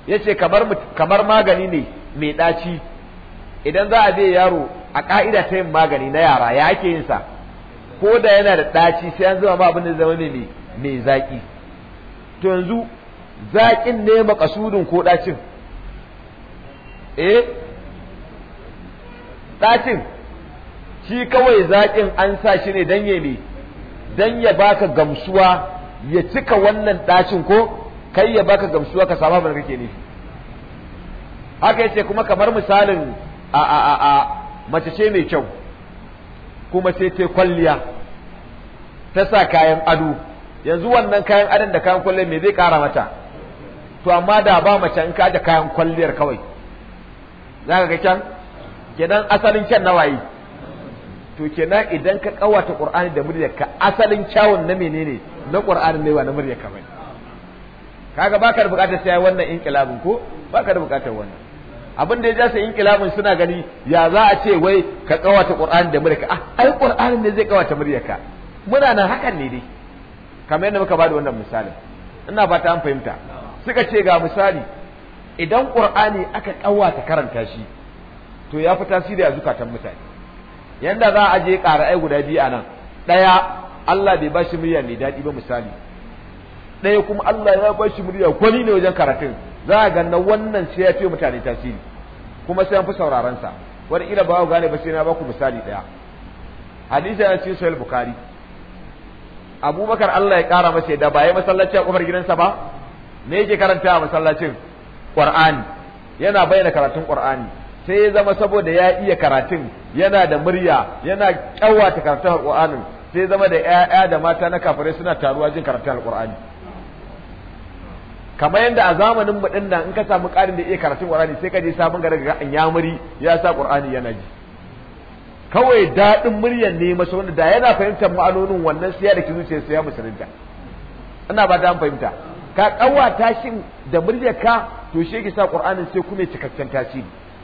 yace kamar kamar magani ne mai ɗaci idan za a je yaro a ƙa'ida ta yin magani na yara ya ake yin sa ko da yana da ɗaci sai an zama ma abin da zama ne mai zaƙi to yanzu zaƙin ne makasudin ko ɗacin eh ɗacin shi kawai zaƙin an sa shi ne don ne don ya baka gamsuwa ya cika wannan ɗacin ko kai ya baka gamsuwa ka samu abin kake nufi haka yace kuma kamar misalin a a a a mace ce mai kyau kuma sai ta kwalliya ta sa kayan ado yanzu wannan kayan adon da kayan kwalliya me zai kara mata to amma da ba mace in ka aje kayan kwalliyar kawai za ka ga can kenan asalin can na waye to kenan idan ka kawata qur'ani da muryar ka asalin kyawun na menene na qur'ani ne ba na muryar ka bane kaga baka da bukatar sai wannan inkilabin ko baka da bukatar wannan abin da ya ja sai inkilabin suna gani ya za a ce wai ka kawata qur'ani da muryar ka ah ai qur'ani ne zai kawata muryar ka muna nan hakan ne dai kamar yadda muka ba da wannan misalin ina fata an fahimta suka ce ga misali idan ƙur'ani aka ƙawata karanta shi to ya fi tasiri a zukatan mutane yanda za a je ai guda biyu a nan ɗaya Allah bai bashi murya mai daɗi ba misali ɗaya kuma Allah ya bashi murya kwani ne wajen karatun za a ganna wannan sai ya fi mutane tasiri kuma sai an fi sauraron sa wani ila ba gane ba sai na ba ku misali ɗaya hadisi ya ce sahih bukhari abubakar Allah ya ƙara masa da ba ya masallaci a kofar gidansa ba me yake karanta a masallacin qur'ani yana bayyana karatun qur'ani sai ya zama saboda ya iya karatun yana da murya yana kyawata karatun alqur'anin sai zama da ƴaƴa da mata na kafirai suna taruwa jin karatun alqur'ani kamar yadda a zamanin mu din nan in ka samu ƙarin da iya karatun qur'ani sai ka je sabon gari ga an muri ya sa qur'ani yana ji kawai daɗin muryar ne masa wanda da yana fahimtar ma'anonin wannan siya da ki zuciyarsa ya musulunta ina ba ta fahimta ka kawata shi da ka to shi sa qur'anin sai kuma cikakken tasiri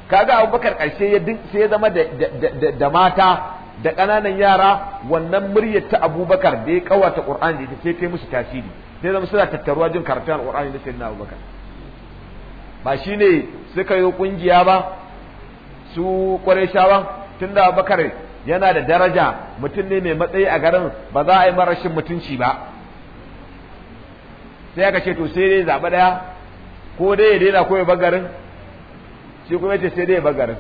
kaga abubakar karshe ya sai ya zama da mata da ƙananan yara wannan muryar ta abubakar da ya kawata qur'ani da sai kai musu tasiri sai zama suna tattaruwa jin karatun qur'ani da sayyidina abubakar ba shine suka yi kungiya ba su qurayshawa tunda abubakar yana da daraja mutum ne mai matsayi a garin ba za a yi marashin mutunci ba sai aka ce to sai dai zaɓi ɗaya ko dai ya daina ko ya bagarin shi kuma ce sai dai ya bagarin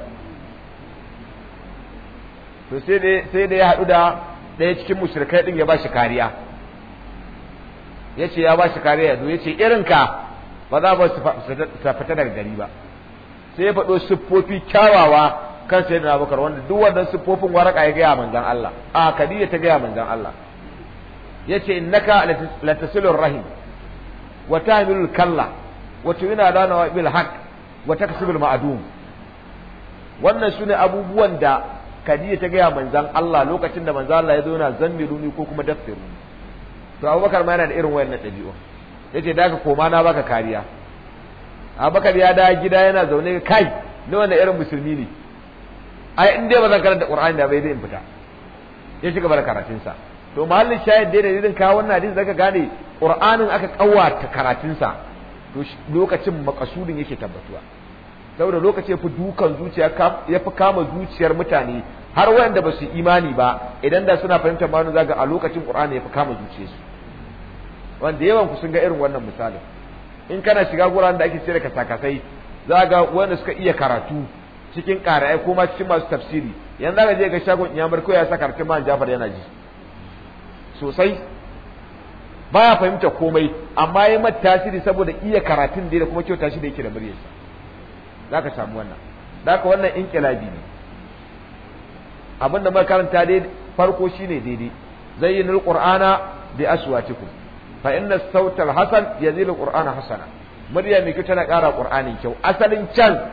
to sai dai ya haɗu da ɗaya cikin mushrikai ɗin ya ba shi kariya ya ce ya ba shi kariya yanzu ya ce irinka ba za ba su fita daga gari ba sai ya faɗo siffofi kyawawa kan sai da bakar wanda duk wannan siffofin waraka ya gaya manzan Allah a ya ta gaya manzan Allah ya ce innaka latasilur rahim wa tahmilul kalla wa tu'ina ala nawabil hak wa taksibul ma'dum wannan sune abubuwan da Khadija ta gaya manzan Allah lokacin da manzan Allah ya zo yana zammiluni ko kuma dafsiruni to Abubakar ma yana da irin wayannan ɗabi'u yace da ka koma na baka kariya Abubakar ya da gida yana zaune kai ne wannan irin musulmi ne ai in dai ba zan karanta Qur'ani da bai da in fita ya ci gaba da karatunsa to mahallin shayar da daidai kawo wannan hadisi zaka gane qur'anin aka kawata karatunsa to lokacin makasudin yake tabbatuwa saboda lokaci ya fi dukan zuciya ya fi kama zuciyar mutane har wayanda ba su imani ba idan da suna fahimtar ma'anu zaga a lokacin qur'ani ya fi kama zuciyarsu wanda yawan ku sun ga irin wannan misalin in kana shiga guran da ake cire ka za ga wanda suka iya karatu cikin ƙara'ai ko ma cikin masu tafsiri yanzu za je ga shagon iyamar ko ya sa karatun ma'an Jafar yana ji sosai ba ya fahimta komai amma ya mata tasiri saboda iya karatun da kuma kyauta shi da yake da muryarsa ka samu wannan Za ka wannan inqilabi ne abin da makaranta dai farko shi shine daidai zayyinul qur'ana bi aswatikum fa inna sautal hasan yazilu qur'ana hasana murya mai kyau tana ƙara ƙur'ani kyau asalin can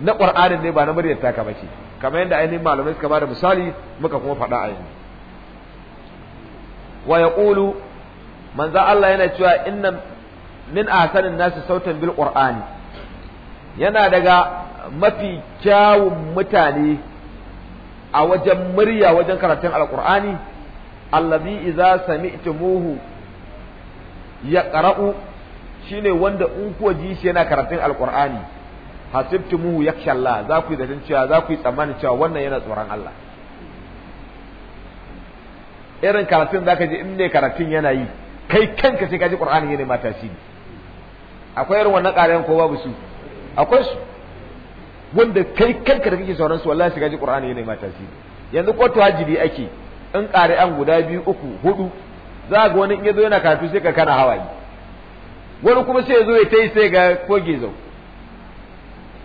na qur'anin ne ba na muryar taka bace kamar yadda ainihin malamai suka ba da misali muka kuma faɗa a yanzu wa yaqulu manzo Allah yana cewa inna min ahsanin nasi sautan bil yana daga mafi kyawun mutane a wajen murya wajen karatun alqur'ani allazi idza sami'tumuhu yaqra'u shine wanda in kuwa ji yana karatun alqur'ani hasibtumuhu yakhsha Allah za ku yi zaton cewa za ku yi tsammanin cewa wannan yana tsoron Allah irin karatun ka ji in ne karatun yana yi kai kanka sai ka ji qur'ani yana mata shi akwai irin wannan ƙarayen ko babu su akwai su wanda kai kanka da kake sauran su wallahi sai ka ji qur'ani yana mata shi yanzu ko wajibi ake in an guda biyu uku hudu za ga wani in yazo yana karatu sai ka kana hawaye wani kuma sai yazo ya yi sai ga koge zau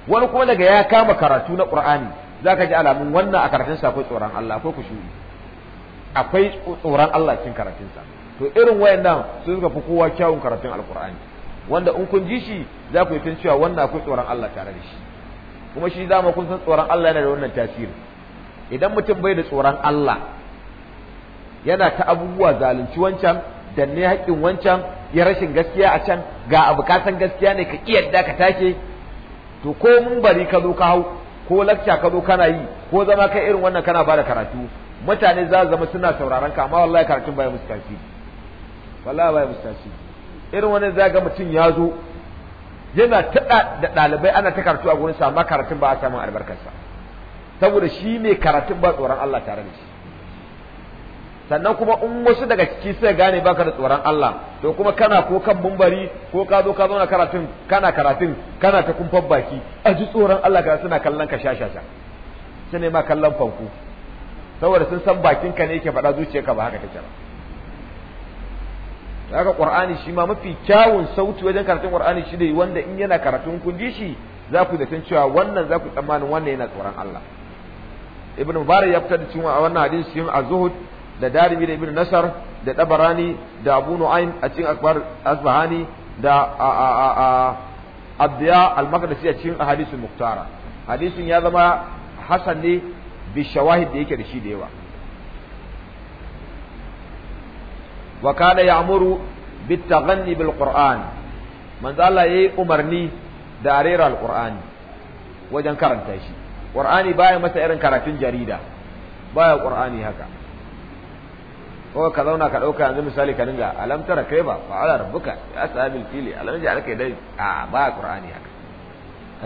wani kuma daga ya kama karatu na qur'ani zaka ji alamun wannan a karatun sa akwai tsoron Allah akwai kushuri akwai tsoron Allah cikin karatunsa to irin wayannan sun suka fi kowa kyawun karatun alkur'ani wanda in kun ji shi za ku yi cewa wannan akwai tsoron Allah tare da shi kuma shi dama kun san tsoron Allah yana da wannan tasiri idan mutum bai da tsoron Allah yana ta abubuwa zalunci wancan danne hakkin wancan ya rashin gaskiya a can ga abu ka gaskiya ne ka kiyarda ka take to ko mun bari ka zo ka hau ko lakca ka zo kana yi ko zama kai irin wannan kana bada karatu mutane za zama suna sauraron ka amma wallahi karatun baya musu tasiri wallahi baya musu tasiri irin wani za ga mutum ya zo yana taɗa da ɗalibai ana ta karatu a gurin sa amma karatun ba a albarkar albarkarsa saboda shi ne karatun ba tsoron Allah tare da shi sannan kuma in wasu daga ciki sai gane baka da tsoron Allah to kuma kana ko kan mumbari ko ka zo ka zauna karatun kana karatun kana ta kumfan baki a ji tsoron Allah ka suna kallon ka shashasha su ne ma kallon fanku saboda sun san bakinka ne yake faɗa zuciyarka ba haka take ba haka qur'ani shi ma mafi kyawun sauti wajen karatun qur'ani shi ne wanda in yana karatun kun ji shi za ku zaton cewa wannan za ku tsammanin wannan yana tsoron Allah ibn mubarak ya fitar da cewa a wannan hadisi yin az-zuhud da darimi da ibn nasar da tabarani da abu nu'aym a cikin akbar asbahani da a a a abdiya al-maqdisi a cikin ahadisul muktara hadisin ya zama hasan ne bi shawahid da yake da shi da yawa wa kana ya'muru bit taghanni bil qur'an manzo Allah yayi umarni da arera al qur'ani wajen karanta shi qur'ani baya masa irin karatun jarida baya qur'ani haka ko ka zauna ka dauka yanzu misali ka dinga alam tara kaiba fa ala rabbuka ya sabil fili alam ja'alaka dai a baya qur'ani haka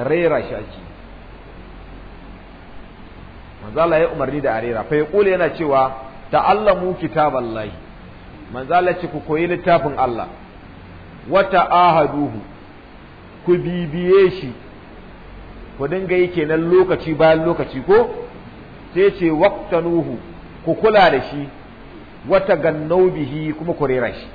rera shi manzo Allah ya umarni da arera fa yana cewa ta'allamu kitaballahi manzo Allah ce ku koyi littafin Allah wa ta'ahaduhu ku bibiye shi ku dinga yi kenan lokaci bayan lokaci ko sai ce waqtanuhu ku kula da shi wa tagannau bihi kuma ku rera shi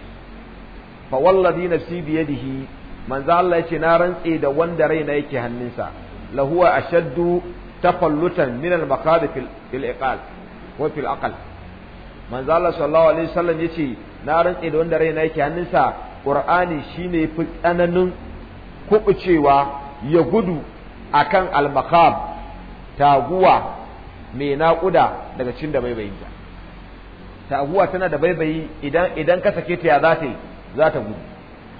fa wallazi nafsi biyadihi manzo Allah ya ce na rantse da wanda raina yake hannunsa lahuwa ashaddu tafallutan min al-maqad fil iqal wa fil aqal manzo Allah sallallahu alaihi na rantse da wanda raina yake hannunsa qur'ani shine fi tsananin kubucewa ya gudu a kan maqab taguwa mai naƙuda daga cin da baibayinta taguwa tana da baibayi idan idan ka sake ta ya ta yi gudu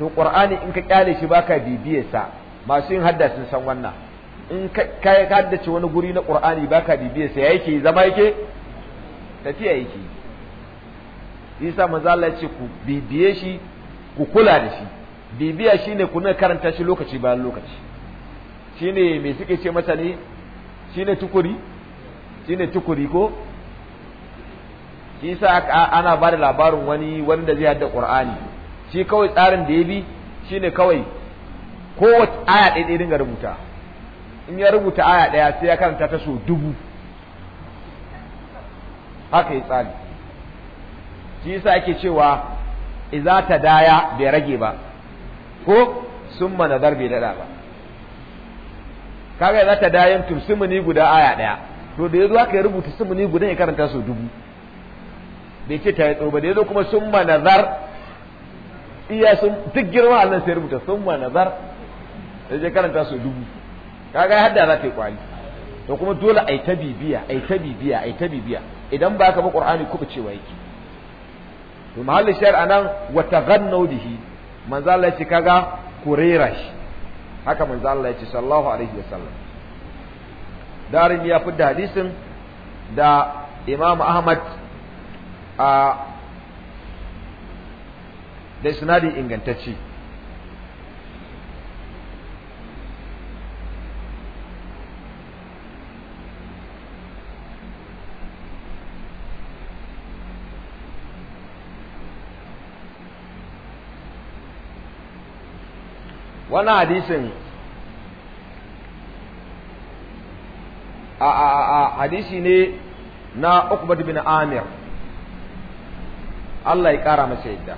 to qur'ani in ka kyale shi baka bibiyarsa masu yin hadda sun san wannan in ka haddace wani guri na ba ka bibiya sai yake zama yake tafiya yake isa manzo Allah ya ce ku bibiye shi ku kula da shi bibiya shine ku na karanta shi lokaci bayan lokaci shine me suke ce masa ne shine tukuri shine tukuri ko shi sa ana ba da labarin wani wanda zai hada qur'ani shi kawai tsarin da ya bi shine kawai kowace aya ɗaya ɗaya dinga rubuta in ya rubuta aya ɗaya sai ya karanta ta so dubu haka ya tsari shi yasa ake cewa iza ta daya bai rage ba ko sun nazar bai daɗa ba kaga iza ta dayan tum ni guda aya ɗaya to da yazo aka rubuta ni guda ya karanta so dubu bai ce ta yi tso ba da yazo kuma sun manadar iya sun duk girma Allah sai rubuta sun manadar sai je karanta so dubu kaga da za ta yi ƙwari, to kuma dole ai ta bibiya ai ta bibiya ai ta bibiya idan ba ka ba qur'ani kuma cewa yake to mahallin shayar anan wa taghannu bihi manzo Allah yace kaga kurera shi haka manzo Allah yace sallallahu alaihi wasallam darin ya fi hadisin da Imam Ahmad a da isnadi ingantacce Wani hadisin a hadisi ne na Uqbat bin Amir Allah ya kara masa yadda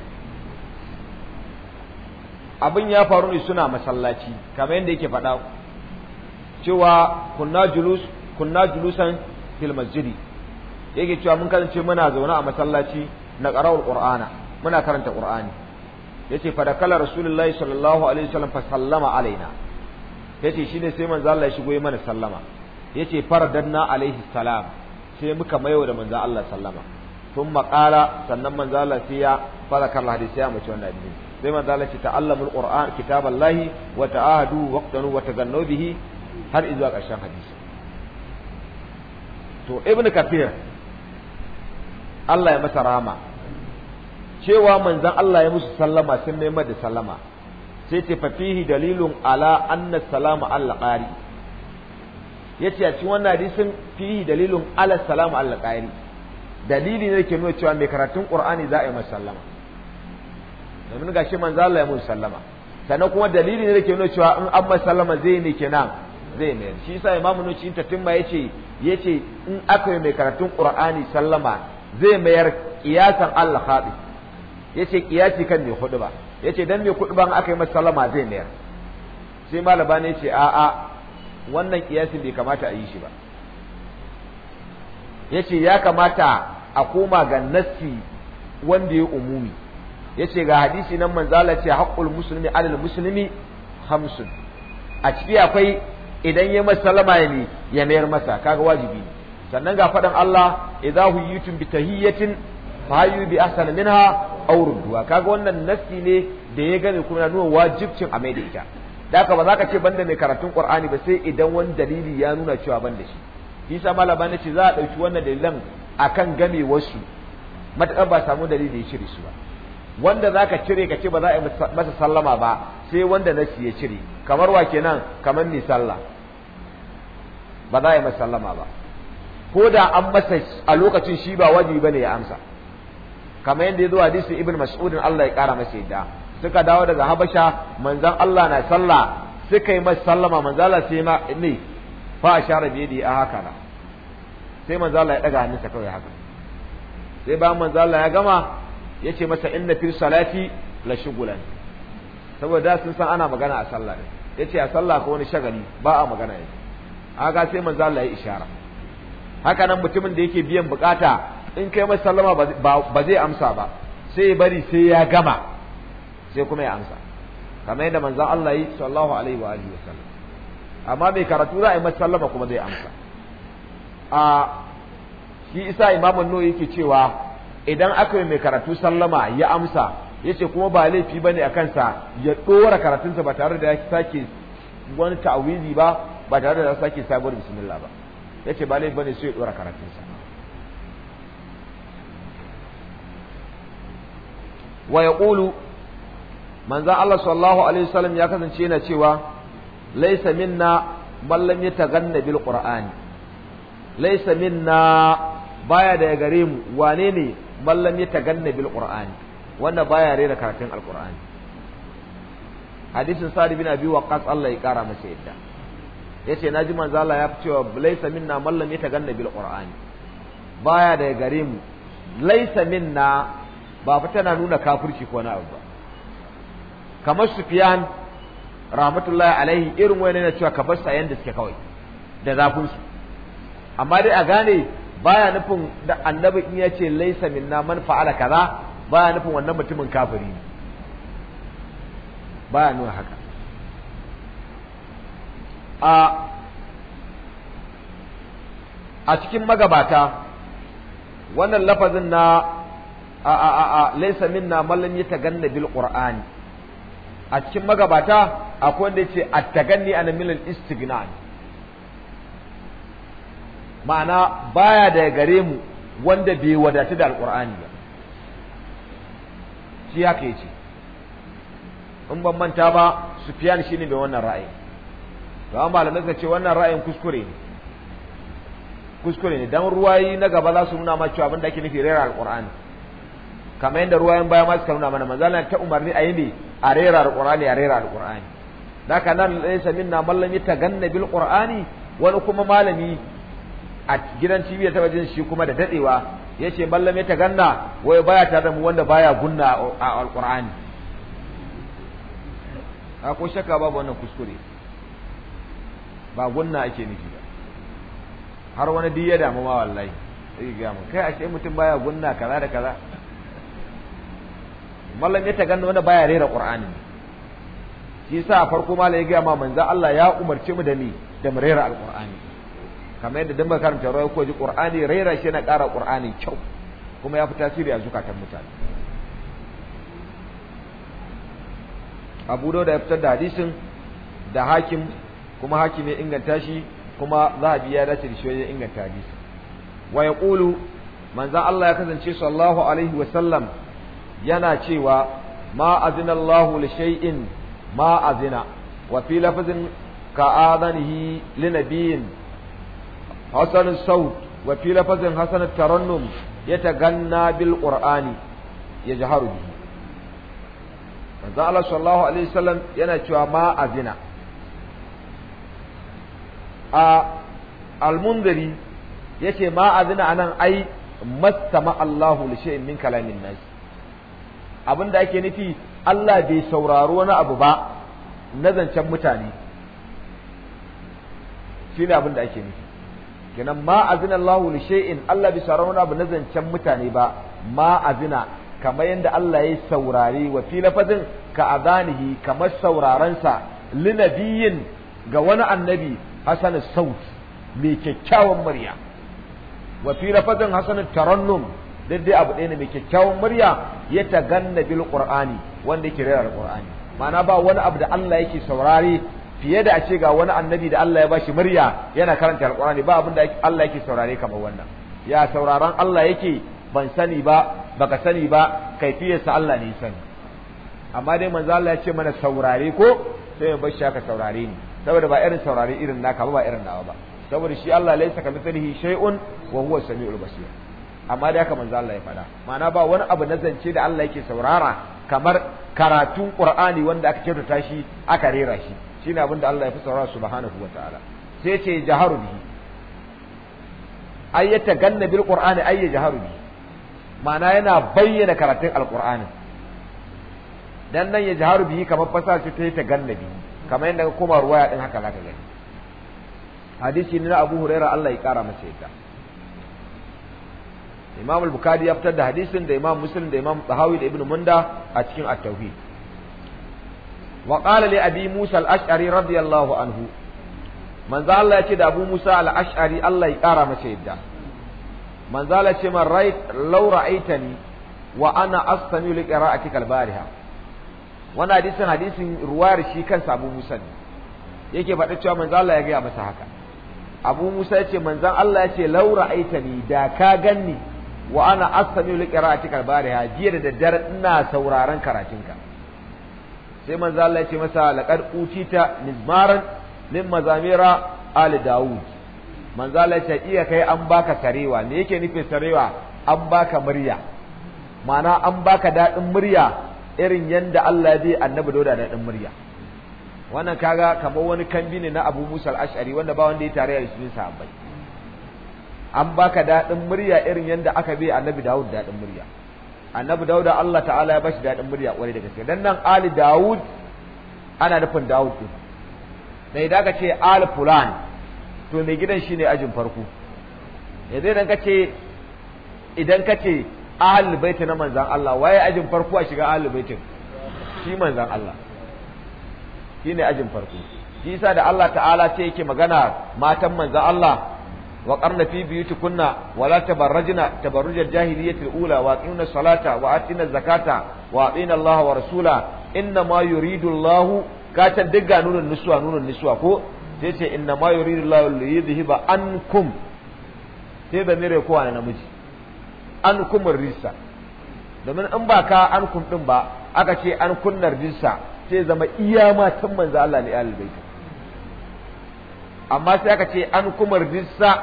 abin ya faru ne suna masallaci kamar yadda yake faɗa cewa kunna julusan fil yake cewa mun kasance muna zaune a masallaci na qara'ul qur'ana muna karanta qur'ani yace fa da kala rasulullahi sallallahu alaihi wasallam fa sallama alaina yace shine sai manzo Allah ya shigo mana sallama yace faradanna alaihi salam sai muka mayo da manzo Allah sallama thumma qala sannan manzo Allah sai ya fara kallon hadisi ya mace wannan hadisi sai manzo Allah ya ce ta'allamul qur'an kitaballahi wa ta'ahadu waqtanu wa tagannu bihi har izuwa ƙarshen hadisi to ibnu kafir Allah ya masa rama cewa manzan Allah ya musu sallama sun mai da sallama sai ce fafihi dalilun ala anna salamu Allah qari yace a cikin wannan hadisin fihi dalilun ala salamu Allah qari dalili ne ke nuna cewa mai karatun Qur'ani za a yi masa sallama domin gashi manzan Allah ya musu sallama sannan kuma dalili ne ke nuna cewa in an masa sallama zai ne kenan zai mayar shi yasa imamu nuci in tatimma yace yace in aka yi mai karatun Qur'ani sallama zai mayar kiyasan Allah khadi yace kiyasi kan mai hudu ba yace dan mai kudu ban aka yi masa sallama zai mayar sai malaba ne yace a a wannan kiyasin bai kamata a yi shi ba yace ya kamata a koma ga nassi wanda ya umumi yace ga hadisi nan manzala ce haqqul muslimi alal muslimi hamsin a ciki akwai idan ya masa sallama ne ya mayar masa kaga wajibi ne sannan ga faɗin Allah idza huyitum bi tahiyyatin fa bi ahsana minha aw rudduha kaga wannan nassi ne da ya gane kuma nuna wajibcin a mai da ita daka ba za ka ce banda mai karatun qur'ani ba sai idan wani dalili ya nuna cewa banda shi isa malama ne ce za a dauki wannan dalilan akan game wasu matakan ba samu dalili ya cire su ba wanda za ka cire ka ce ba za a yi masa sallama ba sai wanda nassi ya cire kamar wa kenan kamar mai sallah ba za a yi masa sallama ba ko da an masa a lokacin shi ba wajibi bane ya amsa kamar yadda ya zo hadisin ibn mas'udin Allah ya kara masa yadda suka dawo daga habasha manzon Allah na sallah suka yi masa sallama manzon Allah sai ma ne fa ashara bi yadi a haka na sai manzon Allah ya daga hannunsa kawai haka sai ba manzon Allah ya gama ya ce masa inna fi salati la shugulan saboda sun san ana magana a sallah ne yace a sallah ko wani shagali ba a magana yake haka sai manzon Allah ya ishara haka nan mutumin da yake biyan bukata in kai mai sallama ba zai amsa ba sai ya bari sai ya gama sai kuma ya amsa kamar yadda manzon Allah yi sallallahu alaihi wa alihi wasallam amma mai karatu za a yi masa sallama kuma zai amsa a shi isa imamun nuhu yake cewa idan aka yi mai karatu sallama ya amsa yace kuma ba laifi ba ne a kansa ya dora karatunsa ba tare da ya sake wani ta'awizi ba ba tare da ya sake sabuwar bismillah ba yace ba laifi ba ne sai ya dora karatunsa wa ƙulu manzan Allah sallallahu alaihi wasallam ya kasance yana cewa laisa minna man ta ganna bil qur'ani laisa minna baya da ya gare mu wane ne man ta ganna bil qur'ani wanda baya rera karatun alqur'ani hadisin sa'd bin abi waqqas Allah ya kara masa yadda yace naji manzo Allah ya cewa laisa minna man ta ganna bil qur'ani baya ya gare mu laisa minna ba fa tana nuna kafirci ko na abu ba kamar Sufyan rahmatullahi alaihi irin wani na cewa ka bar yanda suke kawai da zafin su amma dai a gane baya nufin da annabi in ya ce laisa minna man fa'ala kaza baya nufin wannan mutumin kafiri ne baya nuna haka a a cikin magabata wannan lafazin na a a a a laysa minna man lam yataganna bil qur'ani a cikin magabata akwai wanda yace at ana milal istighnan istighna ma'ana baya da gare mu wanda bai wadatu da alqur'ani ba shi haka yace in ban manta ba Sufyan shine mai wannan ra'ayi to amma malamai suka ce wannan ra'ayin kuskure ne kuskure ne dan ruwayi na gaba za su nuna ma cewa abin da ake nufi rera alqur'ani kamar yadda ruwa yan baya ma suka nuna mana manzo ta umarni ayi ne a rera alqur'ani a rera alqur'ani ka nan laysa minna man lam yataganna bil qur'ani wani kuma malami a gidan TV ta wajen shi kuma da dadewa yace man lam yataganna wai baya tare da mu wanda baya gunna a alqur'ani ko shakka babu wannan kuskure ba gunna ake nufi ba har wani diya damu ma wallahi sai ga mu kai mutum baya gunna kaza da kaza mallam ya ta taganna wanda baya rera qur'ani shi yasa farko mallam ya ga ma manzo Allah ya umarce mu da ni da mu rera alqur'ani kamar yadda dan ta taro ko ji qur'ani rera shi na ƙara qur'ani kyau kuma ya fi tasiri a zukatan mutane Abu Dawud ya fitar da hadisin da hakim kuma hakim ya inganta shi kuma zahabi ya dace da shi ya inganta hadisin wa yaqulu manzo Allah ya kasance sallallahu alaihi wa sallam yana cewa ma azina Allahu li shay'in ma azina wa fi lafazin ka adanihi li nabiyyin hasan saut wa fi lafazin hasan tarannum yataganna bil qur'ani yajharu bihi manzo Allah sallallahu alaihi wasallam yana cewa ma azina a almundari yace ma azina anan ai mastama Allahu li shay'in min kalamin nas abin da ake nufi Allah bai saurari wani abu ba na zancen mutane shi ne abin da ake nufi kenan ma azina Allahu li shay'in Allah bai saurari wani abu na zancen mutane ba ma azina kamar yadda Allah ya saurari wa fi lafazin ka azanihi kamar saurarensa nabiyyin ga wani annabi hasan saut mai kyakkyawan murya wa fi lafazin hasan tarannum duk dai abu ɗaya ne mai kyakkyawan murya ya ta ganna bil qur'ani wanda yake rera qur'ani ma'ana ba wani abu da Allah yake saurare fiye da a ce ga wani annabi da Allah ya bashi murya yana karanta alqur'ani ba abin da Allah yake saurare kamar wannan ya sauraron Allah yake ban sani ba baka sani ba kaifiyarsa Allah ne sani amma dai manzo Allah ya ce mana saurare ko sai ya bar shi aka saurare ni saboda ba irin saurare irin naka ba ba irin nawa ba saboda shi Allah laisa kamithlihi shay'un wa huwa samiul basir amma da haka manzo Allah ya faɗa ma'ana ba wani abu na zance da Allah yake saurara kamar karatun Qur'ani wanda aka ta shi aka rera shi shine abin da Allah ya fi saurara subhanahu wataala sai ce jaharu bihi ay yataganna bil qur'ani ay jaharu bihi ma'ana yana bayyana karatun alqur'ani dan nan ya jaharu bihi kamar fasara ce ta yataganna bihi kamar yadda ka koma ruwaya din haka zaka gani hadisi ne na Abu Hurairah Allah ya kara masa yadda imam al-bukhari ya fitar da hadisin da imam muslim da imam tahawi da ibn munda a cikin at-tauhid wa qala li abi musa al-ash'ari radiyallahu anhu manzo Allah ya ce da abu musa al-ash'ari Allah ya kara masa yadda manzo Allah ce man rai law ra'aitani wa ana astami li qira'atika al-bariha wannan hadisin hadisin ruwayar shi kansa abu musa ne yake faɗa cewa manzo Allah ya ga masa haka abu musa ya ce manzan Allah ya ce laura Aitani da ka ganni wa ana asami li qira'atika bariha jiya da daddare ina sauraron karatunka sai manzo Allah ya ce masa laqad utita mizmaran min mazamira ali daud manzo Allah ya ce iya kai an baka sarewa me yake nufin sarewa an baka murya ma'ana an baka dadin murya irin yanda Allah zai annabi dauda dadin murya wannan kaga kamar wani kambi ne na Abu Musa al-Ash'ari wanda ba wanda ya tare a shi sahabbai an baka daɗin murya irin yadda aka bi annabi Dawud daɗin murya annabi Dawud Allah ta'ala ya bashi daɗin murya kwarai da gaske dan nan ali Dawud ana nufin Dawud din dai da ka ce al fulan to mai gidan shi ne ajin farko yanzu idan ka ce idan ka ce ahlul bait na manzan Allah waye ajin farko a shiga ahlul baitin shi manzan Allah shine ajin farko shi yasa da Allah ta'ala ce yake magana matan manzan Allah wa qarna fi biyutikunna wa la tabarrajna tabarruj al-jahiliyyati al-ula wa salata wa atina zakata wa atina Allah wa rasula inna ma yuridu Allah ka ta diga nunun nuswa nunun nuswa ko sai ce inna da kowa na namiji ankum domin in ba ka ankum din ba aka ce an kunnar risa sai zama iya matan manzo Allah ne ahlul bait amma sai aka ce an kuma rissa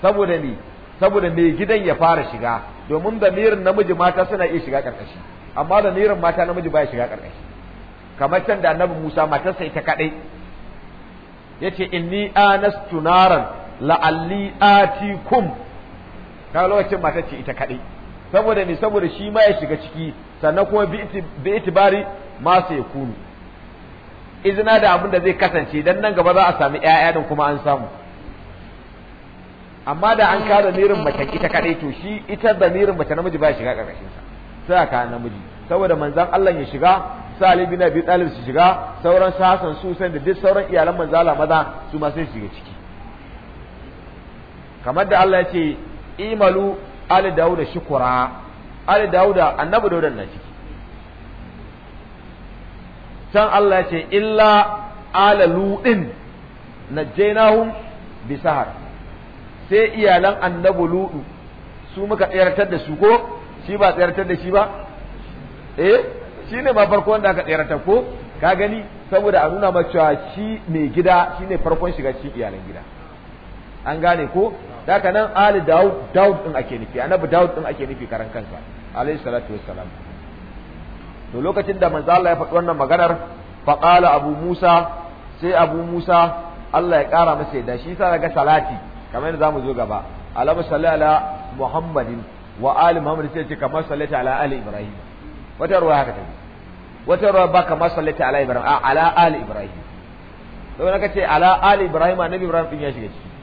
saboda ne saboda mai gidan ya fara shiga domin da mirin namiji mata suna iya shiga karkashi amma da mirin mata namiji baya shiga karkashi kamar can da annabi Musa matarsa ita kadai yace inni anastu naran la'alli atikum ka lokacin matar ce ita kadai saboda ne saboda shi ma ya shiga ciki sannan kuma bi itibari ma ya kunu izina da abin da zai kasance dan nan gaba za a sami ƴaƴa din kuma an samu amma da an kada mirin mace ita kadai to shi ita da mirin mace namiji ba shiga karkashin sa sai aka namiji saboda manzon Allah ya shiga Sali bin Abi Talib su shiga sauran sahasan su sai da duk sauran iyalan manzala maza su ma sai su shiga ciki kamar da Allah ya ce imalu ali dauda shukura ali dauda annabi daudan na ciki can Allah ce illa ala luɗin na bi bisahar sai iyalan annabu luɗu su muka tsayartar da su ko shi ba tsayartar da shi ba eh shine ba farko wanda aka tsayartar ko ka gani saboda a nuna macewa cewa shi mai gida shine farkon shiga cikin iyalan gida an gane ko daga nan ali daud daud din ake nufi annabi daud din ake nufi karan kansa alayhi salatu wassalam to lokacin da manzo Allah ya faɗi wannan maganar faqala abu musa sai abu musa Allah ya ƙara masa yadda shi sa daga salati kamar yadda zamu zo gaba alamu salli ala muhammadin wa ali muhammad sai ce kamar sallati ala ali ibrahim wata ruwa haka ta wata ruwa ba kamar sallati ala ibrahim ala ali ibrahim to naka ce ala ali ibrahim annabi ibrahim din ya shiga ciki